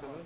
Köszönöm.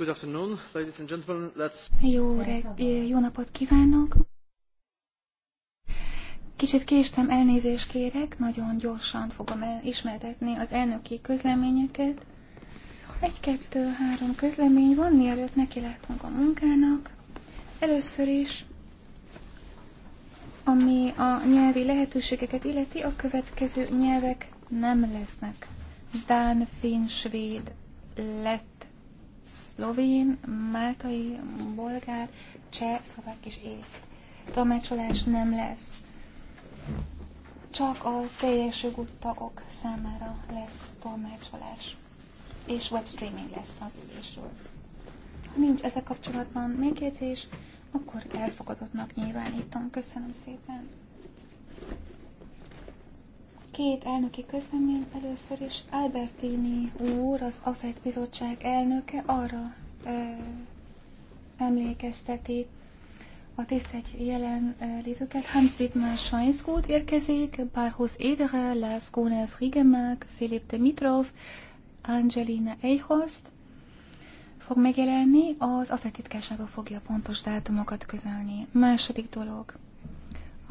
Good afternoon, ladies and gentlemen. Let's... Jó, jó napot kívánok! Kicsit késtem, elnézést kérek, nagyon gyorsan fogom ismertetni az elnöki közleményeket. Egy, kettő, három közlemény van, mielőtt neki látunk a munkának. Először is, ami a nyelvi lehetőségeket illeti, a következő nyelvek nem lesznek. Dán, finn, svéd, lett, szlovén, máltai, bolgár, cseh, szlovák és ész. Tolmácsolás nem lesz. Csak a teljes jogú tagok számára lesz tolmácsolás. És webstreaming lesz az ülésről. Ha nincs ezzel kapcsolatban megjegyzés, akkor elfogadottnak nyilvánítom. Köszönöm szépen! Két elnöki közlemény először is Albertini úr, az AFET bizottság elnöke arra ö, emlékezteti a tisztelt jelen lévőket. Hans Dietmar Schweinsgut érkezik, Barhoz Édere, Lars Gunnar Frigemark, Filip Dimitrov, Angelina Eichhorst fog megjelenni, az AFET titkársága fogja pontos dátumokat közölni. Második dolog –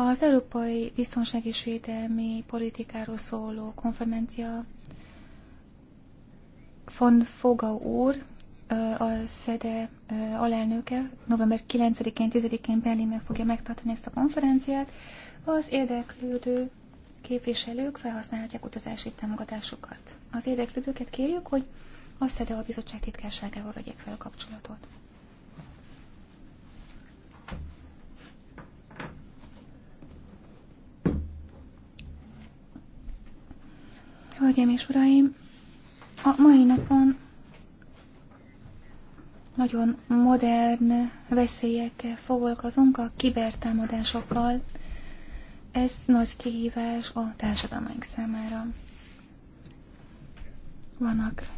az Európai Biztonság és Védelmi Politikáról szóló konferencia von Foga úr, a SZEDE alelnöke november 9-én, 10-én Berlinben fogja megtartani ezt a konferenciát. Az érdeklődő képviselők felhasználhatják utazási támogatásukat. Az érdeklődőket kérjük, hogy a SZEDE a bizottság titkárságával vegyék fel a kapcsolatot. Hölgyeim és uraim, a mai napon nagyon modern veszélyekkel foglalkozunk, a kibertámadásokkal. Ez nagy kihívás a társadalmaink számára. Vannak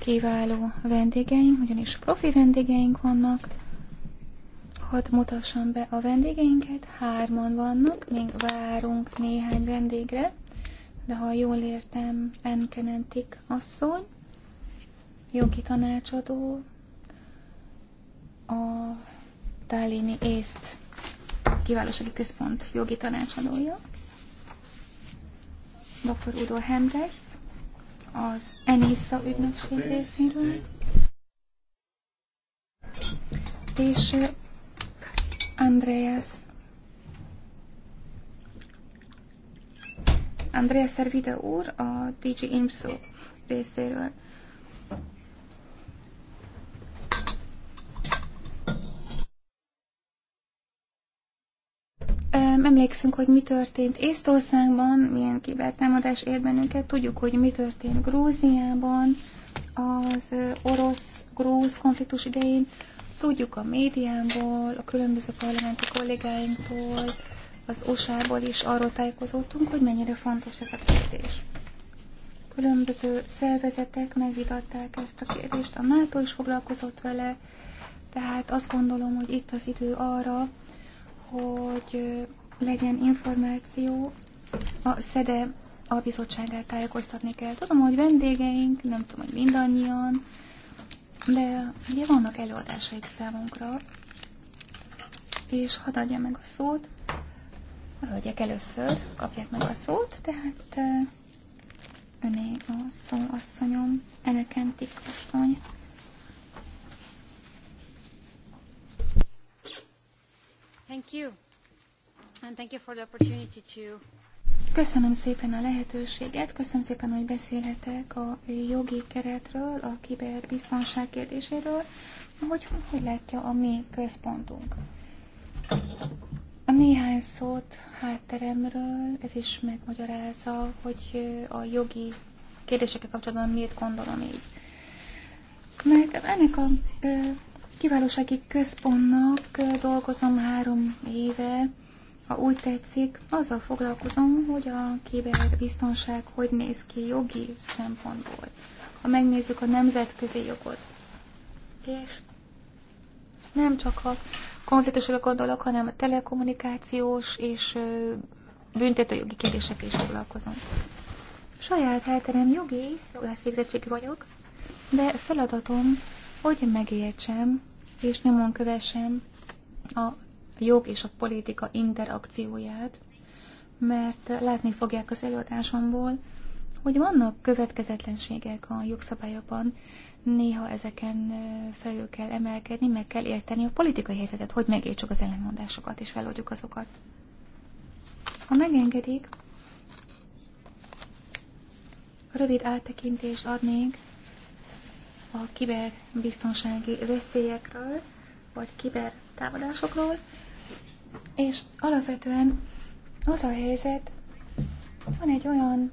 kiváló vendégeink, ugyanis profi vendégeink vannak. Hadd mutassam be a vendégeinket, hárman vannak, még várunk néhány vendégre de ha jól értem, Enkenentik asszony, jogi tanácsadó, a Tallini észt kiválósági központ jogi tanácsadója, dr. Udo Hembrecht, az Enisza ügynökség részéről, és Andreas Andrea Szervide úr a DG IMSO részéről. Emlékszünk, hogy mi történt Észtországban, milyen kibertámadás ért bennünket, tudjuk, hogy mi történt Grúziában az orosz-grúz konfliktus idején, tudjuk a médiából, a különböző parlamenti kollégáinktól, az USA-ból is arról tájékozódtunk, hogy mennyire fontos ez a kérdés. Különböző szervezetek megvitatták ezt a kérdést, a NATO is foglalkozott vele, tehát azt gondolom, hogy itt az idő arra, hogy legyen információ, a SZEDE a bizottságát tájékoztatni kell. Tudom, hogy vendégeink, nem tudom, hogy mindannyian, de ugye vannak előadásaik számunkra, és hadd adja meg a szót a hölgyek először kapják meg a szót, tehát öné a szó asszonyom, elekentik asszony. Thank you. And thank you for the opportunity to Köszönöm szépen a lehetőséget, köszönöm szépen, hogy beszélhetek a jogi keretről, a kiberbiztonság kérdéséről, hogy hogy látja a mi központunk. A néhány szót hátteremről, ez is megmagyarázza, hogy a jogi kérdésekkel kapcsolatban miért gondolom így. Mert ennek a kiválósági központnak dolgozom három éve, ha úgy tetszik, azzal foglalkozom, hogy a kiberbiztonság hogy néz ki jogi szempontból. Ha megnézzük a nemzetközi jogot, és nem csak a konfliktusra gondolok, hanem a telekommunikációs és büntetőjogi kérdésekkel is foglalkozom. Saját hátterem jogi, jogász végzettségi vagyok, de feladatom, hogy megértsem és nyomon kövessem a jog és a politika interakcióját, mert látni fogják az előadásomból, hogy vannak következetlenségek a jogszabályokban, Néha ezeken felül kell emelkedni, meg kell érteni a politikai helyzetet, hogy megértsük az ellenmondásokat és feloldjuk azokat. Ha megengedik, rövid áttekintést adnék a kiberbiztonsági veszélyekről, vagy kibertámadásokról, és alapvetően az a helyzet, van egy olyan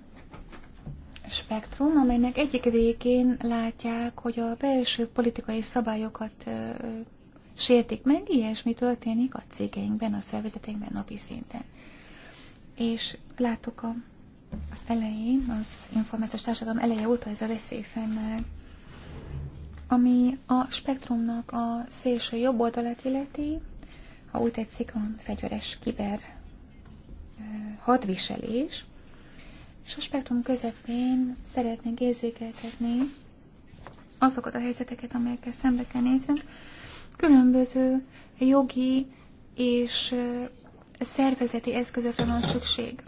spektrum, amelynek egyik végén látják, hogy a belső politikai szabályokat sértik meg, ilyesmi történik a cégeinkben, a szervezetekben napi szinten. És láttuk a, az elején, az információs társadalom eleje óta ez a veszély fennáll, ami a spektrumnak a szélső jobb oldalát illeti, ha úgy tetszik, a fegyveres kiber hadviselés, és a spektrum közepén szeretnénk érzékeltetni azokat a helyzeteket, amelyekkel szembe kell néznünk, különböző jogi és szervezeti eszközökre van szükség,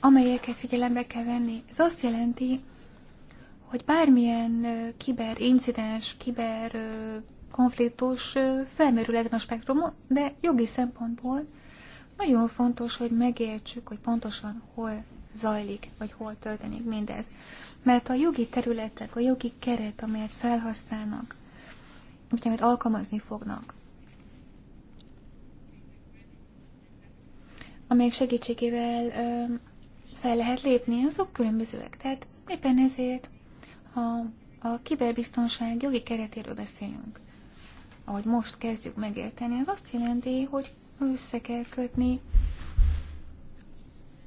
amelyeket figyelembe kell venni. Ez azt jelenti, hogy bármilyen kiber incidens, kiber konfliktus felmerül ezen a spektrumon, de jogi szempontból nagyon fontos, hogy megértsük, hogy pontosan hol zajlik, vagy hol történik mindez. Mert a jogi területek, a jogi keret, amelyet felhasználnak, vagy amit alkalmazni fognak, amelyek segítségével ö, fel lehet lépni, azok különbözőek. Tehát éppen ezért, ha a kiberbiztonság jogi keretéről beszélünk, ahogy most kezdjük megérteni, az azt jelenti, hogy össze kell kötni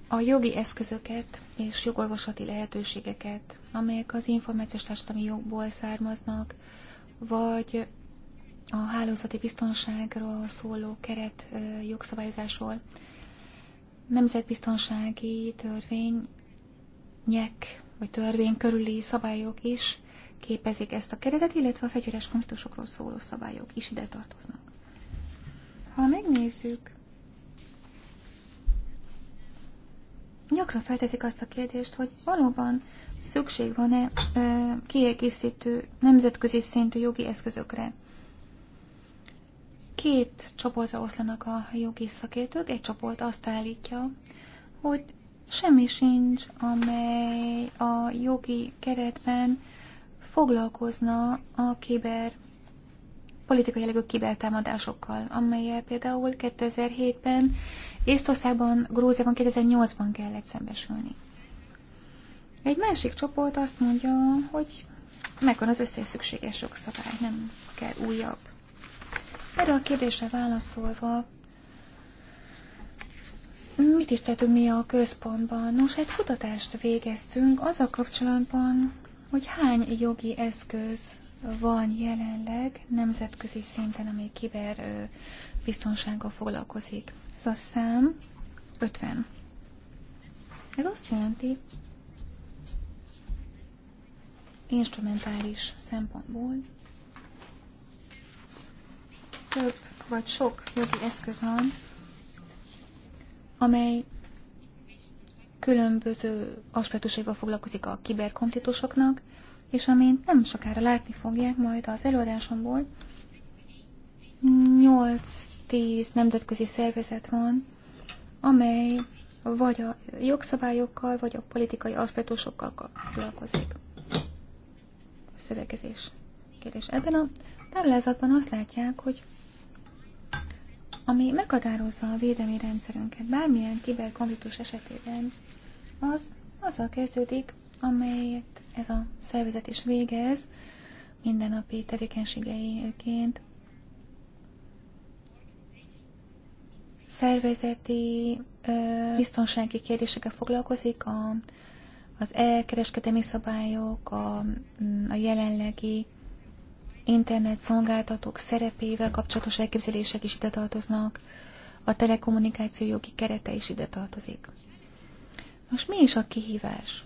a jogi eszközöket és jogorvoslati lehetőségeket, amelyek az információs társadalmi jogból származnak, vagy a hálózati biztonságról szóló keret jogszabályozásról, nemzetbiztonsági törvények vagy törvény körüli szabályok is képezik ezt a keretet, illetve a fegyveres konfliktusokról szóló szabályok is ide tartoznak. Ha megnézzük Gyakran feltezik azt a kérdést, hogy valóban szükség van-e kiegészítő nemzetközi szintű jogi eszközökre. Két csoportra oszlanak a jogi szakértők. Egy csoport azt állítja, hogy semmi sincs, amely a jogi keretben foglalkozna a kiber politikai jellegű kibertámadásokkal, amelyel például 2007-ben Észtországban, Grúziában 2008-ban kellett szembesülni. Egy másik csoport azt mondja, hogy megvan az összes szükséges jogszabály, nem kell újabb. Erre a kérdésre válaszolva, mit is tettünk mi a központban? Nos, egy kutatást végeztünk az a kapcsolatban, hogy hány jogi eszköz van jelenleg nemzetközi szinten, ami kiber biztonsággal foglalkozik. Ez a szám 50. Ez azt jelenti, instrumentális szempontból több vagy sok jogi eszköz van, amely különböző aspektusaival foglalkozik a kiberkonfliktusoknak, és amint nem sokára látni fogják majd az előadásomból, 8-10 nemzetközi szervezet van, amely vagy a jogszabályokkal, vagy a politikai aspektusokkal foglalkozik. Szövegezés kérdés. Ebben a táblázatban azt látják, hogy ami meghatározza a védelmi rendszerünket bármilyen kiberkonfliktus esetében, az azzal kezdődik, amelyet ez a szervezet is végez mindennapi tevékenységeiként. Szervezeti biztonsági kérdésekkel foglalkozik, a, az elkereskedelmi szabályok, a, a jelenlegi internet szolgáltatók szerepével kapcsolatos elképzelések is ide tartoznak, a telekommunikáció jogi kerete is ide tartozik. Most mi is a kihívás?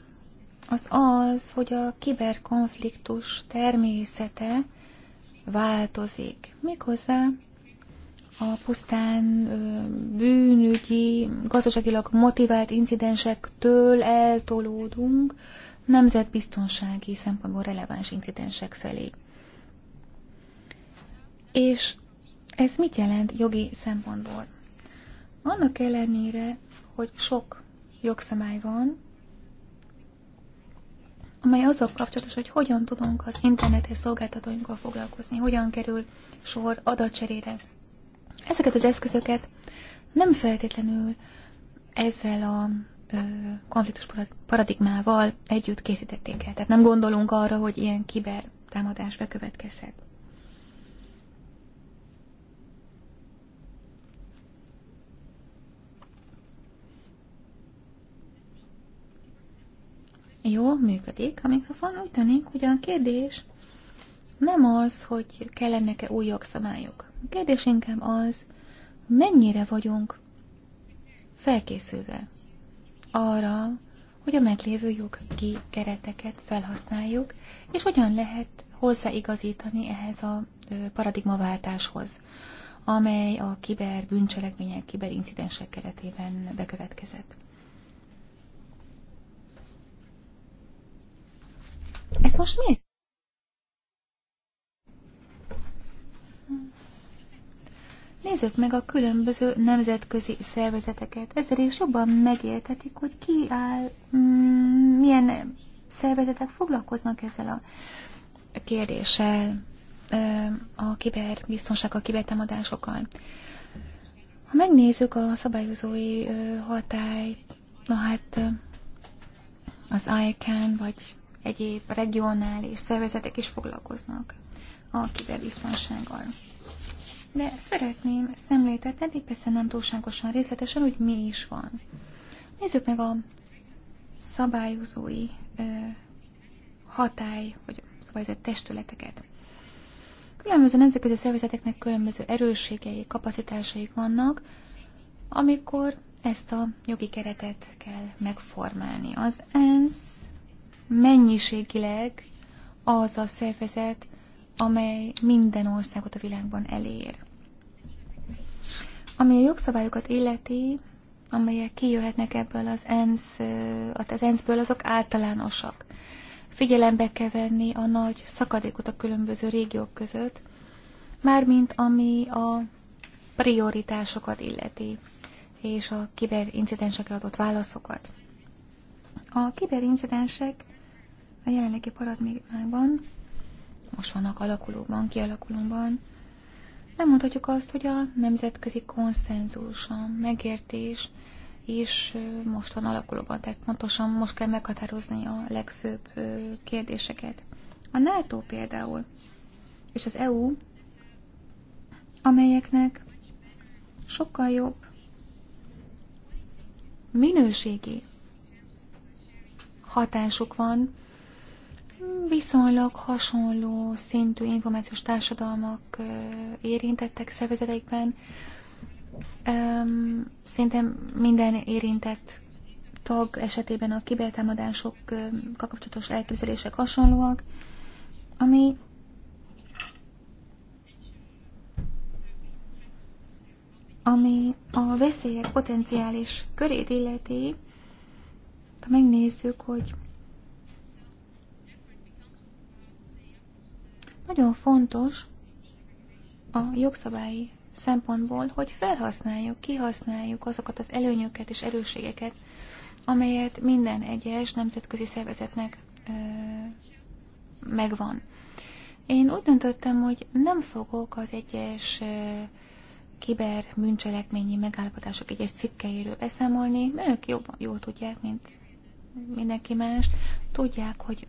az az, hogy a kiberkonfliktus természete változik. Méghozzá a pusztán bűnügyi, gazdaságilag motivált incidensektől eltolódunk nemzetbiztonsági szempontból releváns incidensek felé. És ez mit jelent jogi szempontból? Annak ellenére, hogy sok jogszabály van, amely azzal kapcsolatos, hogy hogyan tudunk az internetes szolgáltatóinkkal foglalkozni, hogyan kerül sor adatcserére. Ezeket az eszközöket nem feltétlenül ezzel a konfliktus paradigmával együtt készítették el. Tehát nem gondolunk arra, hogy ilyen kiber támadás bekövetkezhet. Jó, működik a mikrofon. Úgy tűnik, hogy a kérdés nem az, hogy kellenek-e új jogszabályok. A kérdés inkább az, mennyire vagyunk felkészülve arra, hogy a meglévő jogi kereteket felhasználjuk, és hogyan lehet hozzáigazítani ehhez a paradigmaváltáshoz, amely a kiber bűncselekmények, incidensek keretében bekövetkezett. Ez most mi? Nézzük meg a különböző nemzetközi szervezeteket. Ezzel is jobban megértetik, hogy ki áll, mm, milyen szervezetek foglalkoznak ezzel a kérdéssel, a kiberbiztonság, a kibertámadásokkal. Ha megnézzük a szabályozói hatályt, na hát az ICANN, vagy egyéb regionális szervezetek is foglalkoznak a kiberbiztonsággal. De szeretném szemléltetni, persze nem túlságosan részletesen, hogy mi is van. Nézzük meg a szabályozói ö, hatály, vagy szabályozott testületeket. Különböző nemzetközi szervezeteknek különböző erősségei, kapacitásaik vannak, amikor ezt a jogi keretet kell megformálni. Az ENSZ mennyiségileg az a szervezet, amely minden országot a világban elér. Ami a jogszabályokat illeti, amelyek kijöhetnek ebből az ENSZ, az ENSZ-ből, azok általánosak. Figyelembe kell venni a nagy szakadékot a különböző régiók között, mármint ami a prioritásokat illeti, és a kiberincidensekre adott válaszokat. A kiberincidensek a jelenlegi paradigmákban, most vannak alakulóban, kialakulóban, nem mondhatjuk azt, hogy a nemzetközi konszenzus, a megértés is most van alakulóban, tehát pontosan most kell meghatározni a legfőbb kérdéseket. A NATO például, és az EU, amelyeknek sokkal jobb minőségi hatásuk van Viszonylag hasonló szintű információs társadalmak érintettek szervezeteikben. Szinte minden érintett tag esetében a kibertámadások kapcsolatos elképzelések hasonlóak, ami ami a veszélyek potenciális körét illeti, ha megnézzük, hogy Nagyon fontos a jogszabályi szempontból, hogy felhasználjuk, kihasználjuk azokat az előnyöket és erősségeket, amelyet minden egyes nemzetközi szervezetnek ö, megvan. Én úgy döntöttem, hogy nem fogok az egyes kiber bűncselekményi megállapodások egyes cikkeiről beszámolni. ők jobban, jól tudják, mint mindenki más. Tudják, hogy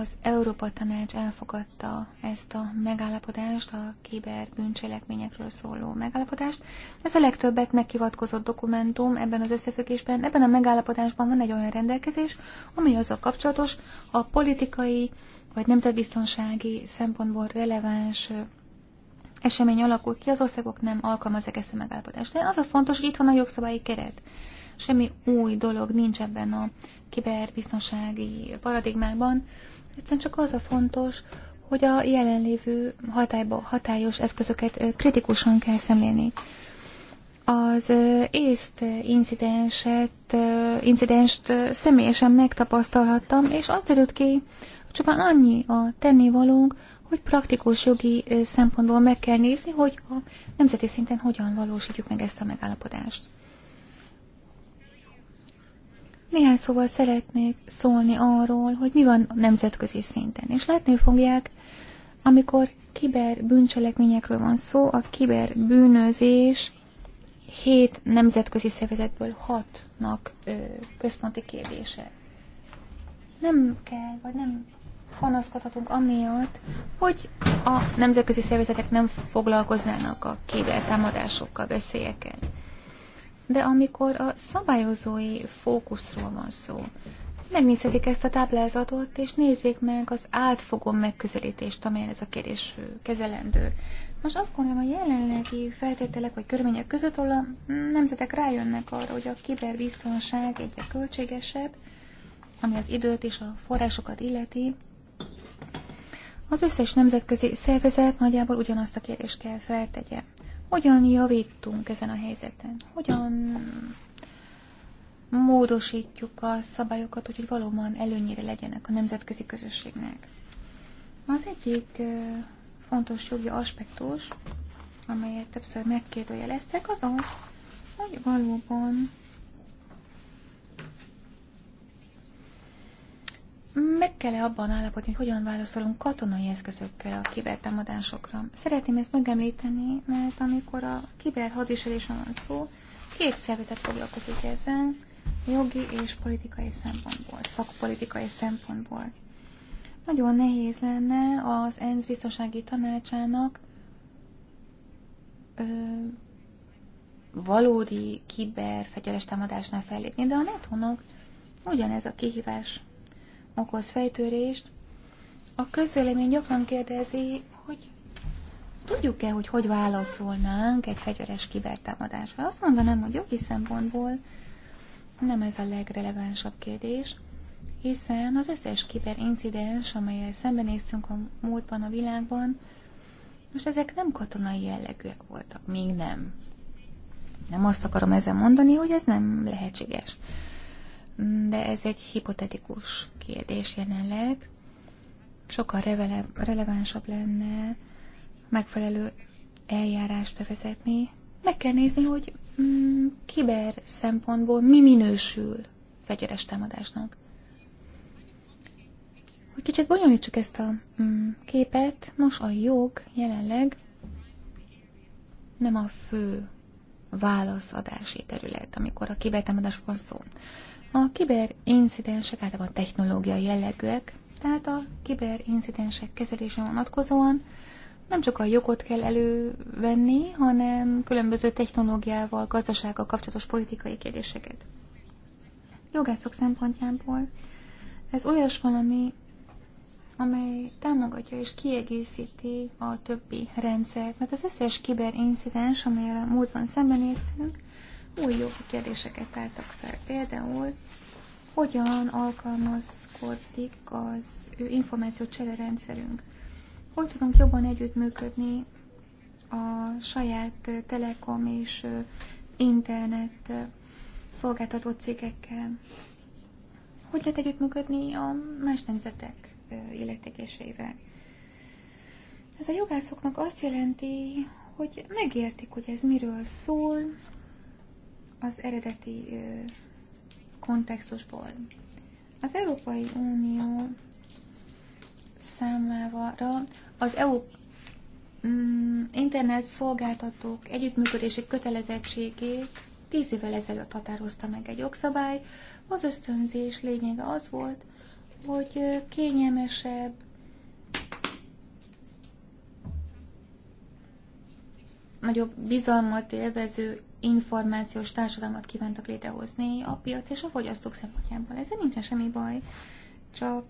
az Európa Tanács elfogadta ezt a megállapodást, a kiber bűncselekményekről szóló megállapodást. Ez a legtöbbet meghivatkozott dokumentum ebben az összefüggésben. Ebben a megállapodásban van egy olyan rendelkezés, ami azzal kapcsolatos, a politikai vagy nemzetbiztonsági szempontból releváns esemény alakul ki, az országok nem alkalmazzák ezt a megállapodást. De az a fontos, hogy itthon a jogszabályi keret. Semmi új dolog nincs ebben a kiberbiztonsági paradigmában. Egyszerűen csak az a fontos, hogy a jelenlévő hatályba, hatályos eszközöket kritikusan kell szemlélni. Az észt incidenset, incidenst személyesen megtapasztalhattam, és az derült ki, hogy csupán annyi a tennivalónk, hogy praktikus jogi szempontból meg kell nézni, hogy a nemzeti szinten hogyan valósítjuk meg ezt a megállapodást. Néhány szóval szeretnék szólni arról, hogy mi van nemzetközi szinten, és látni fogják, amikor kiber bűncselekményekről van szó, a kiber bűnözés hét nemzetközi szervezetből hatnak ö, központi kérdése. Nem kell, vagy nem panaszkodhatunk amiatt, hogy a nemzetközi szervezetek nem foglalkoznának a kibertámadásokkal, veszélyekkel de amikor a szabályozói fókuszról van szó, megnézhetik ezt a táblázatot, és nézzék meg az átfogó megközelítést, amelyen ez a kérdés kezelendő. Most azt gondolom, hogy jelenlegi feltételek vagy körülmények között, ahol a nemzetek rájönnek arra, hogy a kiberbiztonság egyre költségesebb, ami az időt és a forrásokat illeti, az összes nemzetközi szervezet nagyjából ugyanazt a kérdést kell feltegye. Hogyan javítunk ezen a helyzeten? Hogyan módosítjuk a szabályokat, hogy valóban előnyére legyenek a nemzetközi közösségnek? Az egyik fontos jogi aspektus, amelyet többször megkérdőjeleztek, az az, hogy valóban kell-e abban állapodni, hogy hogyan válaszolunk katonai eszközökkel a kibertámadásokra. Szeretném ezt megemlíteni, mert amikor a kiber hadviselésen van szó, két szervezet foglalkozik ezzel, jogi és politikai szempontból, szakpolitikai szempontból. Nagyon nehéz lenne az ENSZ biztonsági tanácsának ö, valódi kiberfegyeles támadásnál fellépni, de a netónak ugyanez a kihívás okoz fejtörést. A közvélemény gyakran kérdezi, hogy tudjuk-e, hogy hogy válaszolnánk egy fegyveres kibertámadásra. Azt mondanám, hogy jogi szempontból nem ez a legrelevánsabb kérdés, hiszen az összes kiberincidens, amelyel szembenéztünk a múltban a világban, most ezek nem katonai jellegűek voltak, még nem. Nem azt akarom ezzel mondani, hogy ez nem lehetséges de ez egy hipotetikus kérdés jelenleg. Sokkal revele, relevánsabb lenne megfelelő eljárást bevezetni. Meg kell nézni, hogy mm, kiber szempontból mi minősül fegyveres támadásnak. Hogy kicsit bonyolítsuk ezt a mm, képet, nos a jog jelenleg nem a fő válaszadási terület, amikor a kibertámadásról van szó. A kiberincidensek általában technológiai jellegűek, tehát a kiberincidensek kezelése vonatkozóan nem csak a jogot kell elővenni, hanem különböző technológiával, gazdasággal kapcsolatos politikai kérdéseket. Jogászok szempontjából ez olyas valami, amely támogatja és kiegészíti a többi rendszert, mert az összes kiberincidens, amelyel a múltban szembenéztünk, új jogi kérdéseket álltak fel. Például, hogyan alkalmazkodik az információ rendszerünk? Hogy tudunk jobban együttműködni a saját telekom és internet szolgáltató cégekkel? Hogy lehet együttműködni a más nemzetek életégéseivel? Ez a jogászoknak azt jelenti, hogy megértik, hogy ez miről szól, az eredeti kontextusból. Az Európai Unió számára az EU mm, internet szolgáltatók együttműködési kötelezettségét tíz évvel ezelőtt határozta meg egy jogszabály. Az ösztönzés lényege az volt, hogy kényelmesebb, nagyobb bizalmat élvező információs társadalmat kívántak létrehozni a piac és a fogyasztók szempontjából. Ezzel nincsen semmi baj, csak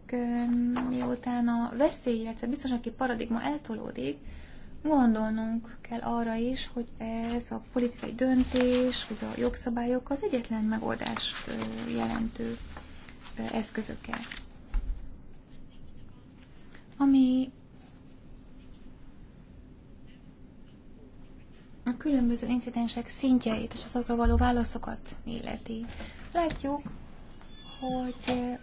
miután a veszély, illetve biztonsági paradigma eltolódik, gondolnunk kell arra is, hogy ez a politikai döntés, hogy a jogszabályok az egyetlen megoldást jelentő eszközökkel. Ami a különböző incidensek szintjeit és azokra való válaszokat illeti. Látjuk, hogy eh,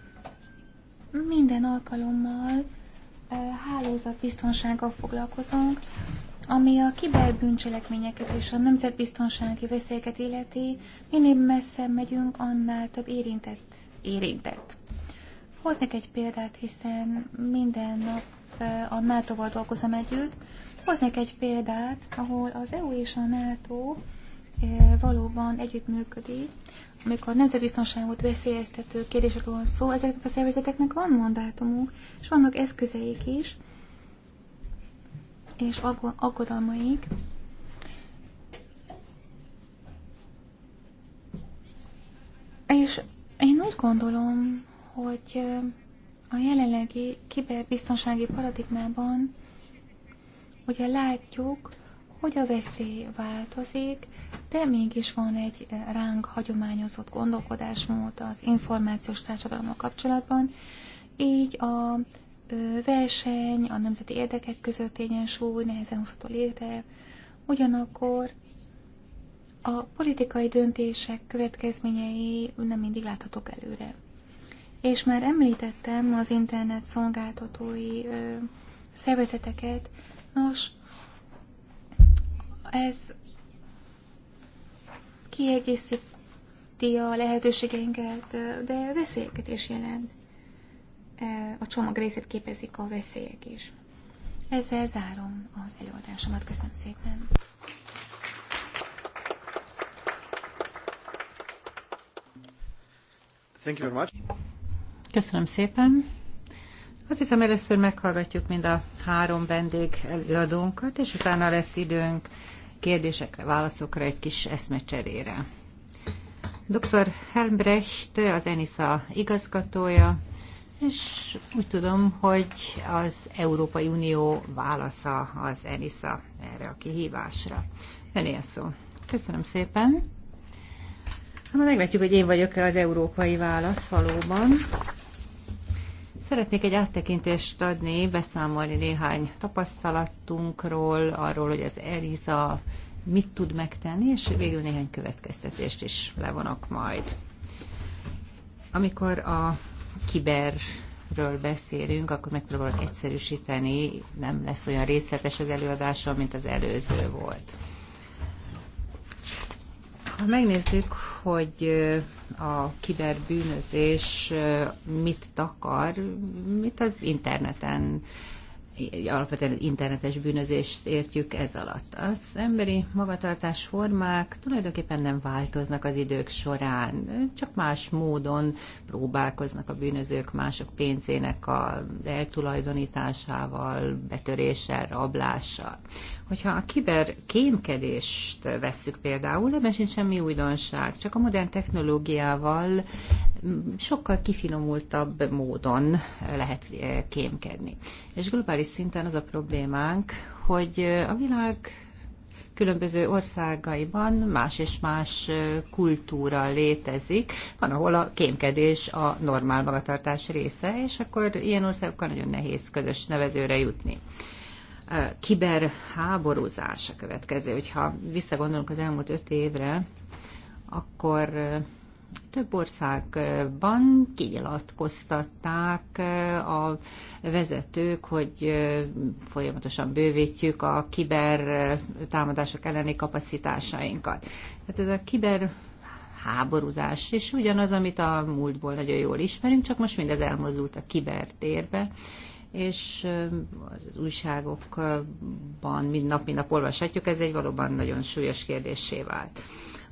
minden alkalommal eh, hálózatbiztonsággal foglalkozunk, ami a kiberbűncselekményeket és a nemzetbiztonsági veszélyeket illeti, minél messzebb megyünk, annál több érintett érintett. Hoznék egy példát, hiszen minden nap a NATO-val dolgozom együtt. Hoznék egy példát, ahol az EU és a NATO valóban együttműködik, amikor nemzetbiztonságot veszélyeztető kérdésekről van szó, ezeknek a szervezeteknek van mandátumuk, és vannak eszközeik is, és aggodalmaik. És én úgy gondolom, hogy a jelenlegi kiberbiztonsági paradigmában ugye látjuk, hogy a veszély változik, de mégis van egy eh, ránk hagyományozott gondolkodásmód az információs társadalommal kapcsolatban, így a verseny, a nemzeti érdekek között egyensúly nehezen hozható létre, ugyanakkor a politikai döntések következményei nem mindig láthatók előre és már említettem az internet szolgáltatói ö, szervezeteket. Nos, ez kiegészíti a lehetőségeinket, de veszélyeket is jelent. A csomag részét képezik a veszélyek is. Ezzel zárom az előadásomat. Köszönöm szépen! Thank you very much. Köszönöm szépen. Azt hiszem, először meghallgatjuk mind a három vendég előadónkat, és utána lesz időnk kérdésekre, válaszokra, egy kis eszmecserére. Dr. Helmbrecht, az ENISA igazgatója, és úgy tudom, hogy az Európai Unió válasza az ENISA erre a kihívásra. Öné a szó. Köszönöm szépen. Ha hát, meglátjuk, hogy én vagyok-e az európai válasz valóban. Szeretnék egy áttekintést adni, beszámolni néhány tapasztalatunkról, arról, hogy az ELISA mit tud megtenni, és végül néhány következtetést is levonok majd. Amikor a kiberről beszélünk, akkor megpróbálok egyszerűsíteni, nem lesz olyan részletes az előadásom, mint az előző volt. Ha megnézzük, hogy a kiberbűnözés mit takar, mit az interneten alapvetően internetes bűnözést értjük ez alatt. Az emberi magatartás formák tulajdonképpen nem változnak az idők során, csak más módon próbálkoznak a bűnözők mások pénzének a eltulajdonításával, betöréssel, rablással. Hogyha a kiber kémkedést vesszük például, ebben sincs semmi újdonság, csak a modern technológiával sokkal kifinomultabb módon lehet eh, kémkedni. És globális szinten az a problémánk, hogy a világ különböző országaiban más és más kultúra létezik. Van, ahol a kémkedés a normál magatartás része, és akkor ilyen országokkal nagyon nehéz közös nevezőre jutni. Kiberháborúzás a következő. Hogyha visszagondolunk az elmúlt öt évre, akkor több országban kinyilatkoztatták eh, a vezetők, hogy eh, folyamatosan bővítjük a kiber eh, támadások elleni kapacitásainkat. Hát ez a kiber háborúzás, és ugyanaz, amit a múltból nagyon jól ismerünk, csak most mindez elmozdult a kibertérbe, és az újságokban mindnap nap, olvashatjuk, ez egy valóban nagyon súlyos kérdésé vált.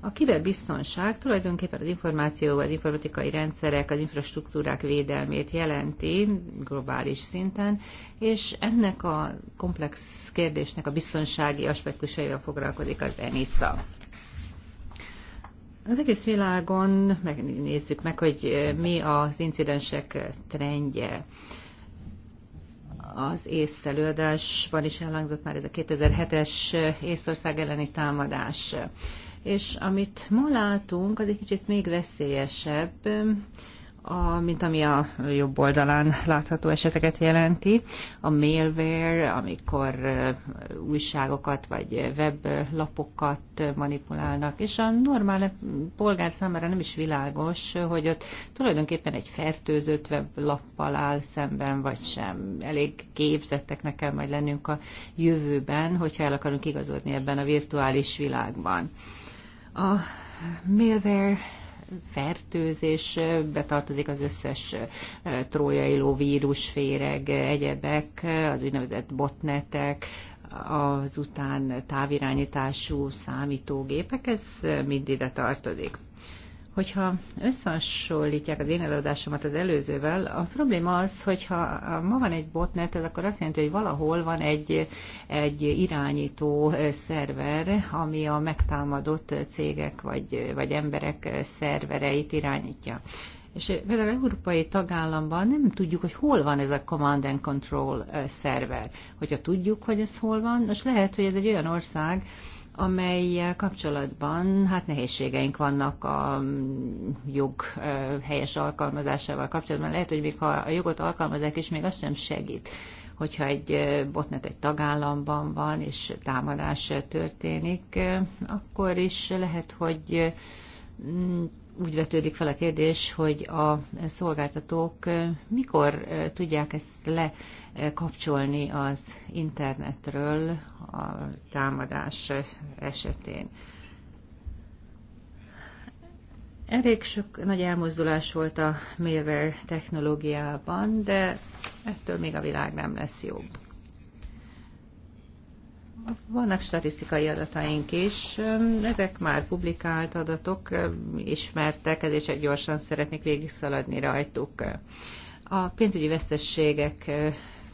A kiberbiztonság tulajdonképpen az információ, az informatikai rendszerek, az infrastruktúrák védelmét jelenti globális szinten, és ennek a komplex kérdésnek a biztonsági aspektusaival foglalkozik az ENISA. Az egész világon megnézzük meg, hogy mi az incidensek trendje az észt is elhangzott már ez a 2007-es Észország elleni támadás és amit ma látunk, az egy kicsit még veszélyesebb, a, mint ami a jobb oldalán látható eseteket jelenti. A malware, amikor újságokat vagy weblapokat manipulálnak, és a normál polgár számára nem is világos, hogy ott tulajdonképpen egy fertőzött weblappal áll szemben, vagy sem. Elég képzetteknek kell majd lennünk a jövőben, hogyha el akarunk igazodni ebben a virtuális világban. A malware fertőzés betartozik az összes trójai lóvírus, féreg, egyebek, az úgynevezett botnetek, azután távirányítású számítógépek, ez mind ide tartozik. Hogyha összehasonlítják az én előadásomat az előzővel, a probléma az, hogyha ma van egy botnet, ez akkor azt jelenti, hogy valahol van egy, egy irányító szerver, ami a megtámadott cégek vagy, vagy emberek szervereit irányítja. És például európai tagállamban nem tudjuk, hogy hol van ez a command and control szerver. Hogyha tudjuk, hogy ez hol van, most lehet, hogy ez egy olyan ország, amelyel kapcsolatban hát nehézségeink vannak a jog helyes alkalmazásával kapcsolatban. Lehet, hogy még ha a jogot alkalmazák is, még azt sem segít hogyha egy botnet egy tagállamban van, és támadás történik, akkor is lehet, hogy úgy vetődik fel a kérdés, hogy a szolgáltatók eh, mikor eh, tudják ezt lekapcsolni az internetről a támadás eh, esetén. Elég sok nagy elmozdulás volt a malware technológiában, de ettől még a világ nem lesz jobb. Vannak statisztikai adataink is, ezek már publikált adatok, ismertek, ezért csak gyorsan szeretnék végigszaladni rajtuk. A pénzügyi vesztességek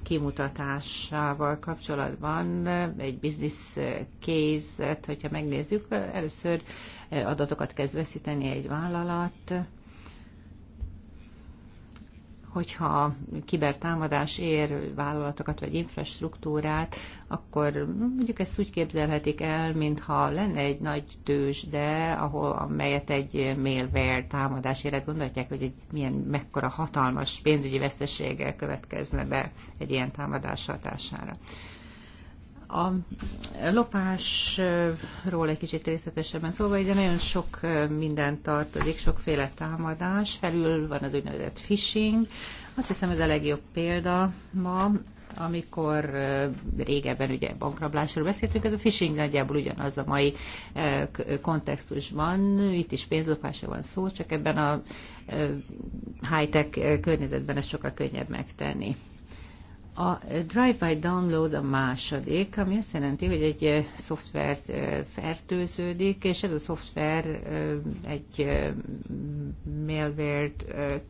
kimutatásával kapcsolatban egy business case-et, hogyha megnézzük, először adatokat kezd veszíteni egy vállalat, hogyha kibertámadás ér vállalatokat vagy infrastruktúrát, akkor mondjuk ezt úgy képzelhetik el, mintha lenne egy nagy tős, de ahol, amelyet egy malware támadás élet gondolják, hogy egy milyen mekkora hatalmas pénzügyi veszteséggel következne be egy ilyen támadás hatására. A lopásról egy kicsit részletesebben szóval ide nagyon sok minden tartozik, sokféle támadás, felül van az úgynevezett phishing, azt hiszem ez a legjobb példa ma, amikor régebben ugye bankrablásról beszéltünk, ez a phishing nagyjából ugyanaz a mai kontextusban, itt is pénzlopásra van szó, csak ebben a high-tech környezetben ez sokkal könnyebb megtenni. A Drive-by Download a második, ami azt jelenti, hogy egy szoftvert fertőződik, és ez a szoftver egy malware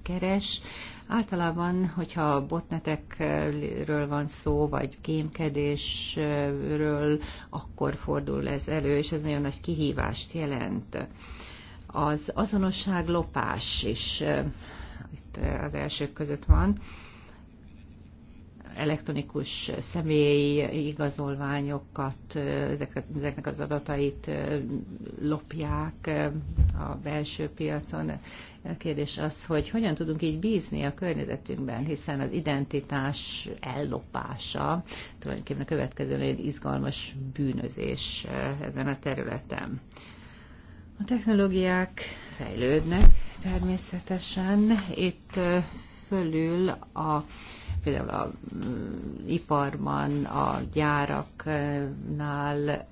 keres. Általában, hogyha botnetekről van szó, vagy kémkedésről, akkor fordul ez elő, és ez nagyon nagy kihívást jelent. Az lopás is itt az elsők között van elektronikus személyi igazolványokat, ezeknek az adatait lopják a belső piacon. A kérdés az, hogy hogyan tudunk így bízni a környezetünkben, hiszen az identitás ellopása tulajdonképpen a következő egy izgalmas bűnözés ezen a területen. A technológiák fejlődnek természetesen. Itt fölül a például a mm, iparban, a gyáraknál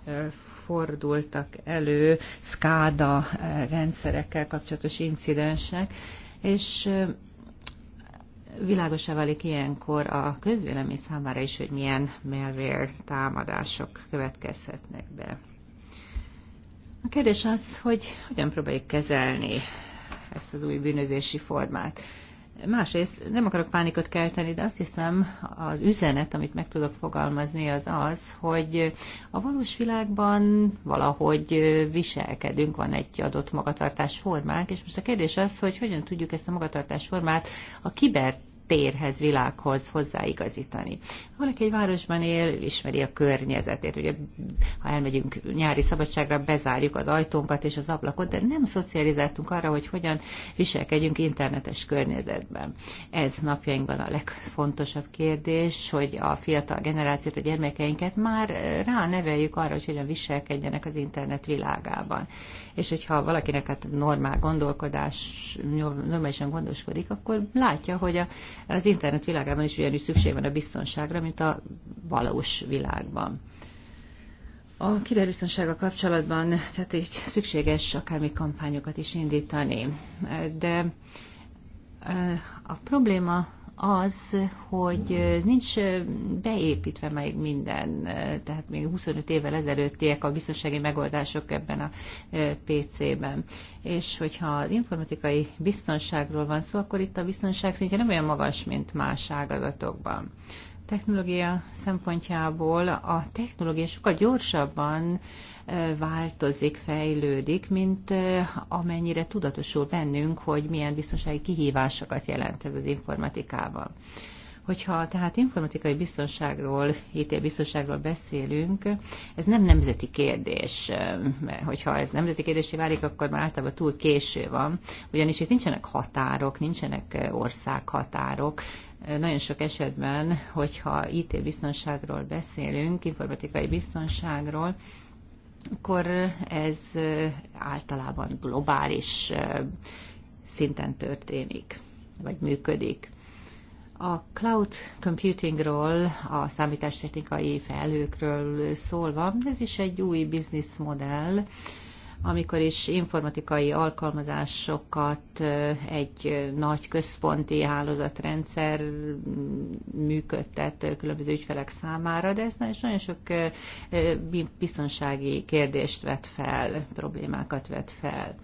fordultak elő szkáda rendszerekkel kapcsolatos incidensek, és világosá válik ilyenkor a közvélemény számára is, hogy milyen malware támadások következhetnek be. A kérdés az, hogy hogyan próbáljuk kezelni ezt az új bűnözési formát. Másrészt nem akarok pánikot kelteni, de azt hiszem az üzenet, amit meg tudok fogalmazni, az az, hogy a valós világban valahogy viselkedünk, van egy adott magatartásformánk, és most a kérdés az, hogy hogyan tudjuk ezt a magatartásformát a kiber térhez, világhoz hozzáigazítani. Valaki egy városban él, ismeri a környezetét. Ugye, ha elmegyünk nyári szabadságra, bezárjuk az ajtónkat és az ablakot, de nem szocializáltunk arra, hogy hogyan viselkedjünk internetes környezetben. Ez napjainkban a legfontosabb kérdés, hogy a fiatal generációt, a gyermekeinket már rá neveljük arra, hogy hogyan viselkedjenek az internet világában. És hogyha valakinek hát normál gondolkodás, normálisan gondoskodik, akkor látja, hogy a az internet világában is ugyanis szükség van a biztonságra, mint a valós világban. A kiberbiztonsága kapcsolatban tehát is szükséges akármi kampányokat is indítani, de a probléma az, hogy nincs beépítve még minden, tehát még 25 évvel ezelőttiek a biztonsági megoldások ebben a PC-ben. És hogyha az informatikai biztonságról van szó, akkor itt a biztonság szintje nem olyan magas, mint más ágazatokban. technológia szempontjából a technológia sokkal gyorsabban változik, fejlődik, mint amennyire tudatosul bennünk, hogy milyen biztonsági kihívásokat jelent ez az informatikában. Hogyha tehát informatikai biztonságról, IT biztonságról beszélünk, ez nem nemzeti kérdés, mert hogyha ez nemzeti kérdésé válik, akkor már általában túl késő van, ugyanis itt nincsenek határok, nincsenek országhatárok, nagyon sok esetben, hogyha IT biztonságról beszélünk, informatikai biztonságról, akkor ez általában globális szinten történik, vagy működik. A cloud computingról, a számítástechnikai felhőkről szólva, ez is egy új bizniszmodell, amikor is informatikai alkalmazásokat egy nagy központi hálózatrendszer működtet különböző ügyfelek számára, de ez nagyon sok biztonsági kérdést vet fel, problémákat vet fel.